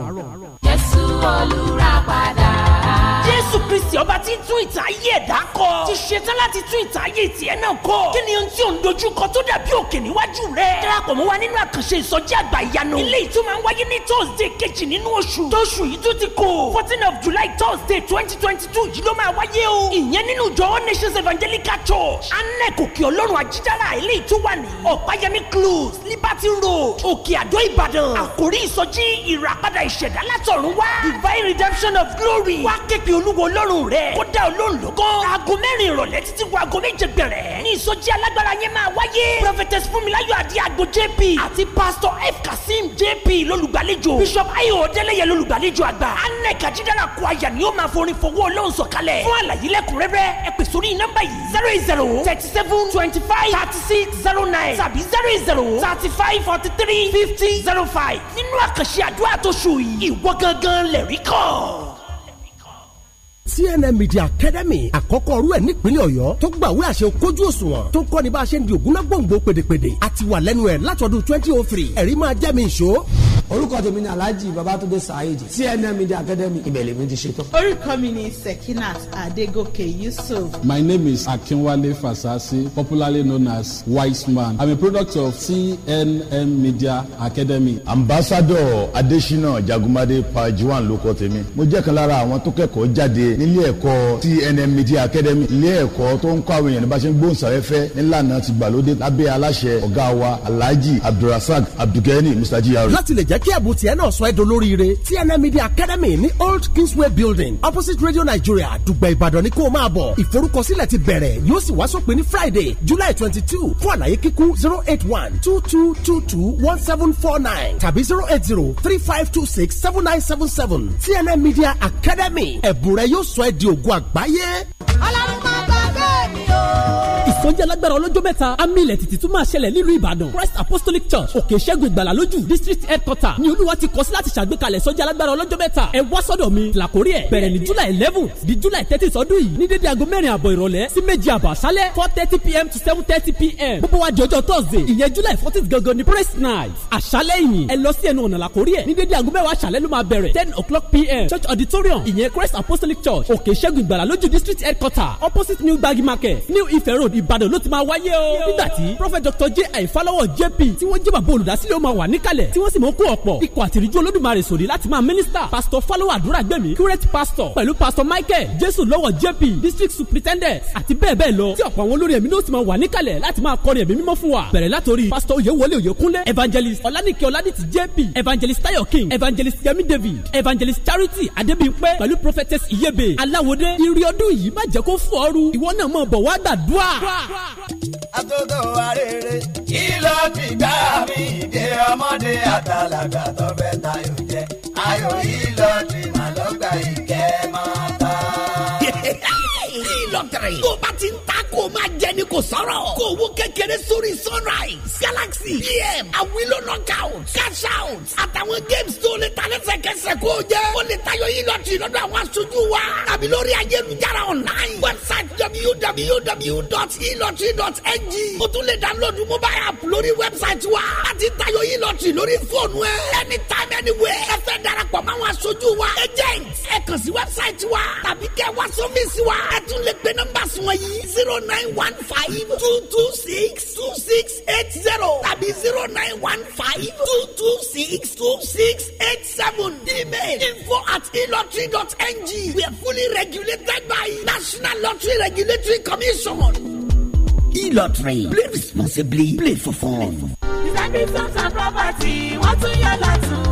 jésù olùràpadà jésù kristi ọba tí ń tún ìtàn ayé ẹ̀dá kọ ti ṣetán láti tún ìtàn ayé tiẹ̀ náà kọ kí ni ohun tí ò ń dojú kọ tó dàbí òkè níwájú rẹ darapọ̀ mọ́ wa nínú àkànṣe ìsọjí àgbà ìyanu ilé ìtú máa ń wáyé ní thursday kejì nínú oṣù tóṣù yìí tún ti kò fourteen of july thursday twenty twenty two yìí ló máa wáyé o ìyẹn nínú ìjọ all nations evangelical church anec òkè ọlọ́run àjídára ilé ìtú wà ní ọ̀páyẹmí close liberty road òkè àdó ìbàdàn àkórí ìsọjí ìràpadà ìṣẹ̀dá látọ̀run wá divine redemption of glory wá képe olúwo ọlọ́run rẹ kó dá olóhùn lóko. aago mẹ́rin ìrọ̀lẹ́ títí wo aago méje gbẹ̀rẹ̀. ní ìsọjí alágbára yẹn máa wáyé. prophetess fúnmiláyọ̀ adéago jp àti pastor f Kassim jp lólùgbàlejò. bishop ayo ọ̀dẹ́lẹ̀yẹ lólùgbàlejò àgbà. anna kajidara kọ àyà ni ó máa forin fọwọ́ ọlọ́run sọ̀kalẹ̀. fún àlàyé lẹ́kùnrẹ́rẹ́ ẹ pè sórí nọ́mbà yìí. zero zero thirty seven twenty five thirty six zero nine tàbí zero zero thirty five forty three fifty zero five. nínú àkànṣe àdúrà tó ṣù yìí ìwọ gangan lẹ̀rí kàn. CNN Media Academy àkọ́kọ́ ọ̀rú ẹ̀ nípínlẹ̀ Ọ̀yọ́ tó gbàwé àṣẹ kójú òṣùwọ̀n tó kọ́ ni bá a ṣe ń di ògúnná gbòǹgbò pèdèpèdè àti wà lẹ́nu ẹ̀ látọdún twenty oh three ẹ̀rí máa jẹ́ mi ìṣó orúkọ tèmi ni alhaji babatunde saheed cnn media academy ìbẹ̀lẹ̀ mi ti ṣètò. orúkọ mi ni sekinat adegoke yusuf. my name is akinwale fasasi popularly known as Wiseman. i'm a product of cnn media academy. ambassador adesina jagunmade pajuwan ló kọ tèmi mo jẹ́ kan lára àwọn tó kẹ́kọ̀ọ́ jáde nílé ẹ̀kọ́ cnn media academy ilé ẹ̀kọ́ tó ń kọ́ àwọn èèyàn ní bá ṣe ń gbóhùnsáfẹ́fẹ́ nílànà tìgbàlódé lábẹ́ aláṣẹ ọ̀gá wa alhaji abdulrasaq abdulgani mr jr. láti lè jẹ́ jẹ́ kí ẹ̀bùn tiẹ̀ náà sọ ẹ́ dolóríire TNM Media Academy ní Old Kingsway Building opposite Radio Nigeria Dùgbẹ̀ Ìbàdàn ni kó o máa bọ̀ ìforúkọsílẹ̀ ti bẹ̀rẹ̀ yóò sì wá sópin ní Friday July twenty two fún àlàyé kíkún zero eight one two two two two one seven four nine tàbí zero eight zero three five two six seven nine seven seven TNM Media Academy ẹ̀bùn rẹ yóò sọ ẹ́ di ògùn àgbáyé. ọlọ́run máa gbàgbé mi o ìsọjí alágbára ọlọ́jọ́ mẹ́ta amílẹ̀ títí tún máa ṣẹlẹ̀ nílùú Ìbàdàn Christ Apostolic Church òkè ìṣẹ́gun ìgbàlà lójú district headquarters mẹ́ta ni olúwa ti kọ sí láti ṣàgbékalẹ̀ sọ́jà alágbára ọlọ́jọ́ mẹ́ta ẹ wá sọ́dọ̀ mi làkórí ẹ̀ bẹ̀rẹ̀ ní july eleven di july thirty sọdún yìí ní dédé aago mẹ́rin àbọ̀ ìrọ̀lẹ́ sí méjì àbọ̀ àṣálẹ́ four thirty pm to seven thirty pm gbogbo wa jọjọ thursday ìyẹn july fourteen gangan ni praise night àṣálẹ́ yìí ẹ lọ sí ẹnu ọ̀nà làkórí ẹ̀ ní dédé aago mẹ́wàá àṣálẹ́ ló máa bẹ̀rẹ̀ ten o'clock pm church auditorium ìyẹn christ apostolic church òkè ṣẹ́gun ìgbàlá lójú district headquarter opposite new gbagi market new ife road ìbàdàn ló ti máa wáyé o nígbà tí prophet dr j àìfálọ́wọ̀ jp tí wọ́n jẹ́ bàbá olùdásílẹ̀ ó máa wà níkàlẹ̀ tí wọ́n sì mọ̀ ọ̀pọ̀lọpọ̀ ikọ̀ àtìríjú olódùmarè sòrí láti máa mínísítà pásítọ̀ fálọ́wà àdúrà gbẹ̀mí kúrẹ́tì pásítọ̀ pẹ̀lú pásítọ̀ michael jésù lọ́wọ́ jp district superintendent àti bẹ́ẹ̀ bẹ́ẹ̀ lọ tí ọ̀pọ̀ àwọn olórí ẹ̀mí náà sì máa wà níkàlẹ̀ láti máa kọrin ẹ̀mí mímọ́ fún wa bẹ̀rẹ̀ látòrí pásítọ̀ oyèwọlé oyèkúnlé evangelist Olanike ọ̀làdìtì jp evangelist tayo king evangelist yemi david evangelist charity adébíyìnpé pẹ̀lú prophetess iyebe aláwọdé ìrì ọdún yìí má jẹ́ kó fọ́ ọ́rù àtàlàgbà tó fẹ́ tayò jẹ ayò yìí lọ ti mà lọ́gbà ìkẹ́ máa ta. lọ́tẹ̀rẹ̀ tó bá ti ń ta kó o máa jẹ ni kò sọ̀rọ̀ kó owó kékeré sórí sunrise galaxy pm awilo knockout cash out àtàwọn games tó lè ta lẹ́sẹ̀kẹsẹ̀ kó o jẹ́ o lè tayọ yìí lọ́tì lọ́dọ̀ àwọn aṣojú wa tàbí lórí ayélujára online website www.elotry.ng o tún lè download mobile app lórí website wa láti tayọ yìí lọ́tì lórí fóònù ẹ anytime anywhere ẹ fẹ́ darapọ̀ mọ́ àwọn aṣojú wa agent ẹ kàn sí website wa tàbí kẹ́ wá sọ́fíìsì wa ẹ tún lè pe nọ́mbà sùn wọ̀nyí zero nine. nine one five two two six two six eight zero tàbí zero nine one five two two six two six eight seven email info at elotry dot ng we are fully regulated by National Lottery Regulatory Commission. e Play responsibly. Play for fun. Executives and property wọ́n tún yọ lọ́tún.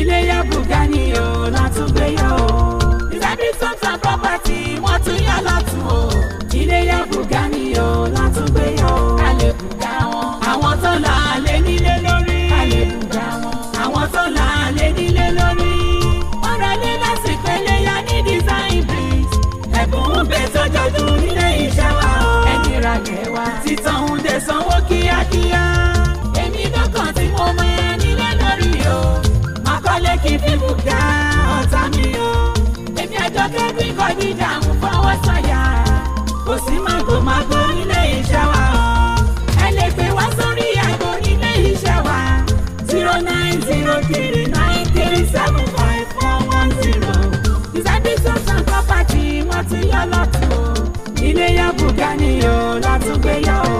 Ilé yọ bùgá ni o, látúgbé yọ o. property wọ́n tún o. onílé yá bùgá mi o látúgbé o. a lè bùgá wọn. àwọn tó là á lé nílé lórí. a bùgá wọn. àwọn tó là á nílé lórí. ọ̀rọ̀ lé lásìkò eléyà ní design bricks. ẹ̀bùn bẹ sọ́jọ́jú nílé iṣẹ́ wa o. ẹni ra yẹ wa. títàn ń dé sanwó kíákíá. èmi dọ́kàn tí mo mọ ẹ nílé lórí o. màkọ́lé kì í fi bùgá ọ̀tá mi o. èmi àjọkẹ́ gbígbọ́ dídà ń Zainabu Gani o látúgbéyàwó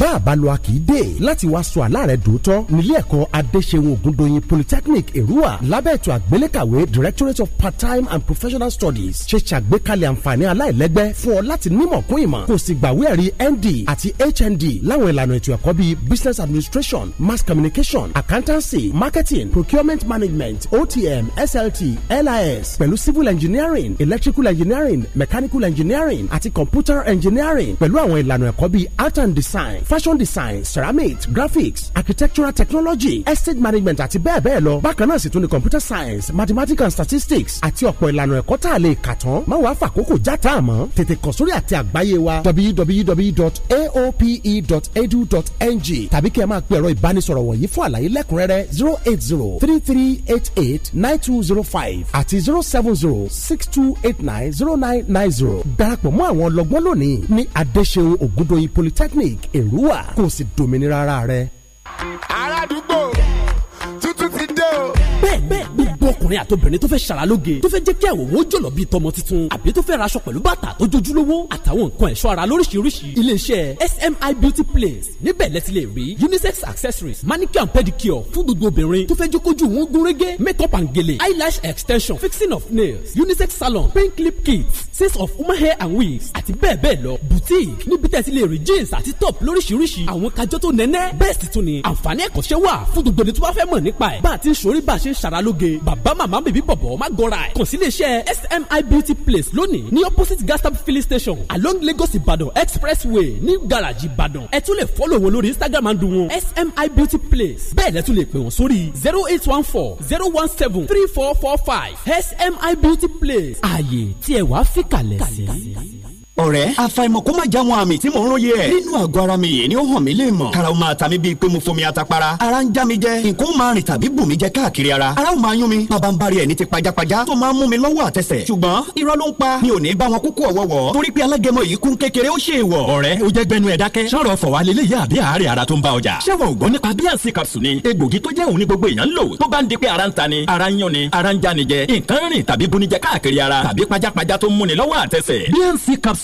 bá a bá lo akíde láti wá sọ àlá rẹ dòótọ́ nílé ẹ̀kọ́ adéṣeun ògùndòyìn polytechnic èrúwà lábẹ́ ètò àgbélékàwé directorate of part-time and professional studies ṣe ṣàgbékalẹ̀ àǹfààní aláìlẹ́gbẹ́ fún ọ láti nímọ̀ kún ìmọ̀ kò sì gbàwé ẹ̀rí nd àti hnd láwọn ìlànà ètò ẹ̀kọ́ bíi business administration mass communication accountancy marketing procurement management otm slt lis pẹ̀lú civil engineering electrical engineering mechanical engineering àti computer engineering pẹ̀lú àwọn ìlànà ẹ̀kọ́ bíi art and design fashion design ceramics graphics architectural technology estate management àti bẹ́ẹ̀ bẹ́ẹ̀ lọ bákan náà sì tún ní computer science mathematics and statistics àti ọ̀pọ̀ ìlànà ẹ̀kọ́ tá a lè kà tán má wàá fàkókò já tá a mọ̀ tètè kàn sórí àti àgbáyé wa www.aope.edu.ng tàbí kí ẹ máa pe ẹ̀rọ ìbánisọ̀rọ̀ wọ̀nyí fún àlàyé lẹ́kùnrẹ́rẹ́ zero eight zero three three eight eight nine two zero five àti zero seven zero six two eight nine zero nine nine zero darapọ̀ mọ́ àwọn ọlọ́gbọ́n lónìí ní Adéṣeun Ògúndòyìn Polytechnic èrò ló wà kó o sì dominira ara rẹ. ọkùnrin àtobìnrin tó fẹ́ ṣàralóge tó fẹ́ jẹ́ kí àwòwò jọ̀lọ̀ bíi tọmọ tuntun àbí tó fẹ́ raṣọ pẹ̀lú bàtà tó jojúlówó àtàwọn nǹkan ẹ̀ṣọ́ ara lóríṣiríṣi iléeṣẹ́ SMI beauty place níbẹ̀ lẹ́ti lè rí unisex accessories manicure and pedicure fún gbogbo obìnrin tó fẹ́ jẹ́ kójú wọn gún make up and gèlè eyelash extension fixing of nails unisex salon pin clip kits sets of human hair and wigs àti bẹ́ẹ̀ bẹ́ẹ̀ lọ boutique níbi tẹ́tí lè rí jeans àti top lóríṣiríṣi àwọn kájọ tó nẹ́nẹ́ bẹ́ẹ̀ sì tún ni àǹfààní ẹ̀kọ́ṣẹ́ wà fún gbogbo ní tó bá fẹ́ mọ̀ nípa ẹ̀ bá bàbá màmá bèbí bọ̀bọ̀ má gọra ẹ̀ kàn sí iléeṣẹ́ SMI beauty place lónìí ní opposite gas filling station along Lagos Ìbàdàn expressway ní garage Ìbàdàn ẹ tún lè fọ́lọ̀ wọn lórí Instagram àdùn wọn SMI beauty place bẹ́ẹ̀ lẹ́ tún lè pè wọ́n sórí zero eight one four zero one seven three four four five SMI beauty place ààyè tí ẹ wàá fi kalẹ̀ sí ọ̀rẹ́ àfàìmọ̀ kó má já wọn àmì tí mò ń róye ẹ̀. nínú àgọ́ ara mi yìí ni ó hàn mí lè mọ̀. karaw máa ta mi bíi pé mo fomi atapara. ara ń já mi jẹ nǹkan máa rìn tàbí bù mí jẹ káàkiri ara. ara ò máa yún mi bàbá ń bari ẹ̀ ní ti pajápajá tó máa ń mú mi lọ́wọ́ àtẹsẹ̀. ṣùgbọ́n irọ́ ló ń pa mi ò ní bá wọn kúkú ọ̀wọ́wọ́ torí pé alágẹmọ yìí kún kékeré ó ṣe ìwọ̀. ọ̀rẹ́ o jẹ́ gbẹnu ẹ̀ dákẹ́. sọ̀rọ̀ fọ̀ wá lélẹ̀ yá àbí àárẹ̀ ara tó ń bá ọjà. ṣé wọn ò gbọ́ ni egbògi tó jẹ́ òun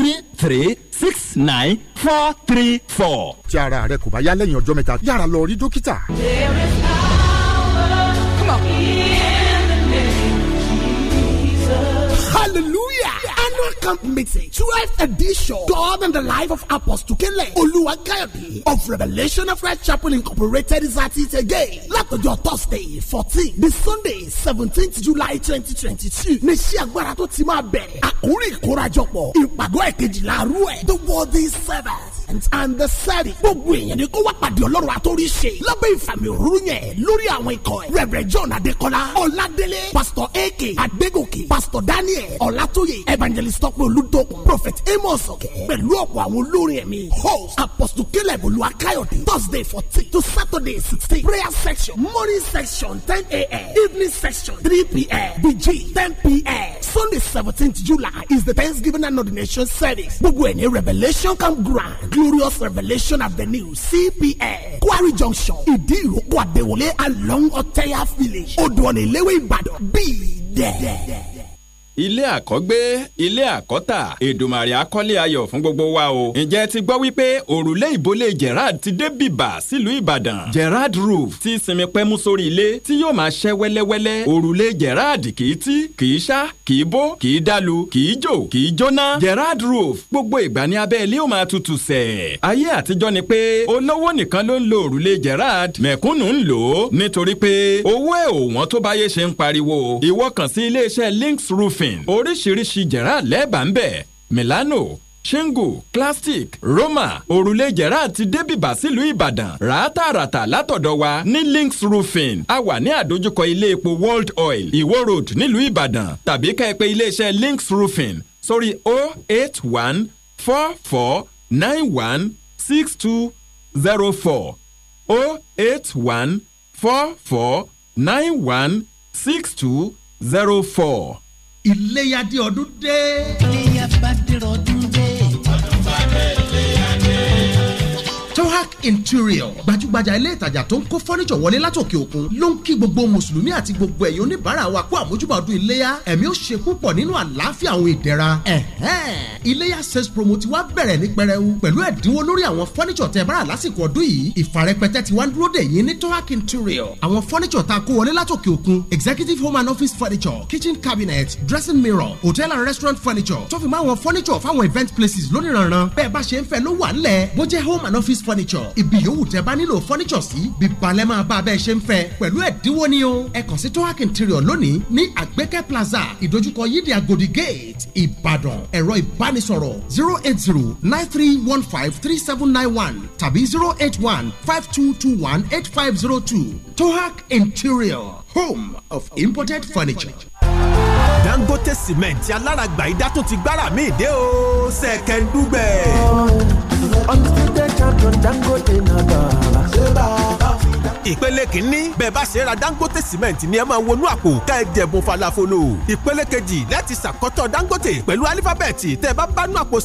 three three six nine four three four. tí ara rẹ kò bá yá lẹ́yìn ọjọ́ mẹ́ta yára lọ rí dókítà. there is power. come on. Camp Meeting, 12th edition, God and the Life of Apostle Kele Oluwakayode of Revelation of Christ Chapel Incorporated is at it again. Látọjọ́ Thursday fourteen the Sunday seventeenth July twenty twenty two ní sí agbára tó ti máa bẹ̀rẹ̀. Àkórí ìkórajọpọ̀ ìpàgọ́ ẹ̀kejìlá rú ẹ̀ the worthy servant percent and the thirty. gbogbo èèyàn ni kó wá pàdé ọlọ́run àtórí ṣe lábẹ́ ìfàmì òróró yẹn lórí àwọn ikọ̀ ẹ̀ rẹ̀rẹ̀ john adékọ́lá ọládélé pastor ak adégòkè pastor daniel ọlátóyè evangelist tọ́pẹ́ olùdókun prophet amos ọ̀kẹ́ pẹ̀lú ọ̀pọ̀ àwọn olórin ẹ̀mí host apostle caleb olúwakáyọ̀dé thursday fourteen to saturday sixteen prayer section morning section ten a.m. evening section three p.m. bg ten p.m. sunday seventeenth july is the thanksgiving and ordination service gbogbo ẹ̀ ní revelation camp ground Glorious Revelation Avenue CPL Quarry Junction Ìdí Ìrókò Àdéwọlé along Ọ̀tẹ́yà village Odò Ọ̀nà Ìléwé Ìbàdàn bíi dẹ̀ ilé àkọ́gbé ilé àkọ́tà Èdùmàrè akọ́lé ayọ̀ fún gbogbo wa o. ǹjẹ́ ti gbọ́ wípé òrùlé ìbólé Gerard ti dé bìbà sílùú Ìbàdàn Gerard roof ti sinmi pẹ́mú sórí ilé tí yóò máa ṣẹ́ wẹ́lẹ́wẹ́lẹ́ òrùlé Gerard kì í tí kì í ṣá kì í bó kì í dalu kì í jò kì í jóná Gerard roof gbogbo ìgbà ní abẹ́ ilé ó máa tutù sẹ̀. ayé àtijọ́ ni pé olówó nìkan ló ń lo òrùlé Gerard mẹ̀kúnnù ń lò ó nítorí pé owó ẹ̀ òwọ́n tó báyé ṣe ń pariwo ìwọ kàn sí iléeṣẹ́ Links Roofing Wine oríṣiríṣi jẹ̀rá lẹ́ẹ̀bà ń bẹ̀ Milano shingle plastic roma òrùlé jẹ̀rá àti débìbà sílùú ìbàdàn ràátàràtà látọ̀dọ̀ wa ní links roofing a wà ní àdójúkọ ilé epo world oil ìwó road nílùú ìbàdàn tàbí ká ẹ pè iléeṣẹ́ links roofing sórí 08144916204 08144916204 iléyà di ọdún dé. iléyà bá dé ọdún dé. ọdún bá dé ilé. Ark Interior gbajúgbajà ilé ìtajà tó ń kó fọ́nìṣọ̀ wọlé látòkè òkun ló ń kí gbogbo mùsùlùmí àti gbogbo ẹ̀yin oníbàárà wa kú àmójúbà ọdún iléyà ẹ̀mí ó ṣe púpọ̀ nínú àlàáfíà àwọn ìdẹ̀ra iléyà sales promo ti wá bẹ̀rẹ̀ ní pẹrẹu pẹ̀lú ẹ̀dínwó lórí àwọn fọ́nìṣọ̀ tẹ́ bára lásìkò ọdún yìí ìfàrẹ́pẹ̀tẹ̀ ti wá dúró dè yín ní Tohac Interior àwọn fọ́nìṣọ̀ tá a kó wọlé látòkè òkun executive home and office furniture kitchen cabinet dressing mirror hotel and restaurant furniture tó fi mọ́ àwọn fọ́nìṣọ̀ fáwọn event places lóníranran bẹ́ẹ̀ bá ṣe ń fẹ́ ló wà ńlẹ̀ bó jẹ́ home and office furniture furniture ibi yòówù tẹ́ bá nílò furniture sí bí balẹ̀ máa bá abẹ́ ṣe ń fẹ́ pẹ̀lú ẹ̀dínwó ni o ẹ kàn sí tohac interior lónìí ní àgbẹ̀kẹ́ plaza ìdojúkọ yídìí agodi gate ìbàdàn ẹ̀rọ ìbánisọ̀rọ̀ zero eight zero nine three one five three seven nine one tàbí zero eight one five two two one eight five zero two tohac interior home of imported furniture. Dangote cement alárágbà idá tún ti gbára mi dé o ṣẹ̀kẹ̀ndúgbẹ̀. undisputed champion Dangote na bàbá. ṣé bàbá fi dá. ìpele kìíní bẹ́ẹ̀ bá ṣe ra Dangote cement ni ẹ máa wọnú àpò ká falafolo ìpele kejì lẹ́ẹ̀tì ṣàkọ́tọ̀ Dangote pẹ̀lú alífábẹ́ẹ̀tì tẹ́ ẹ bá bánú àpò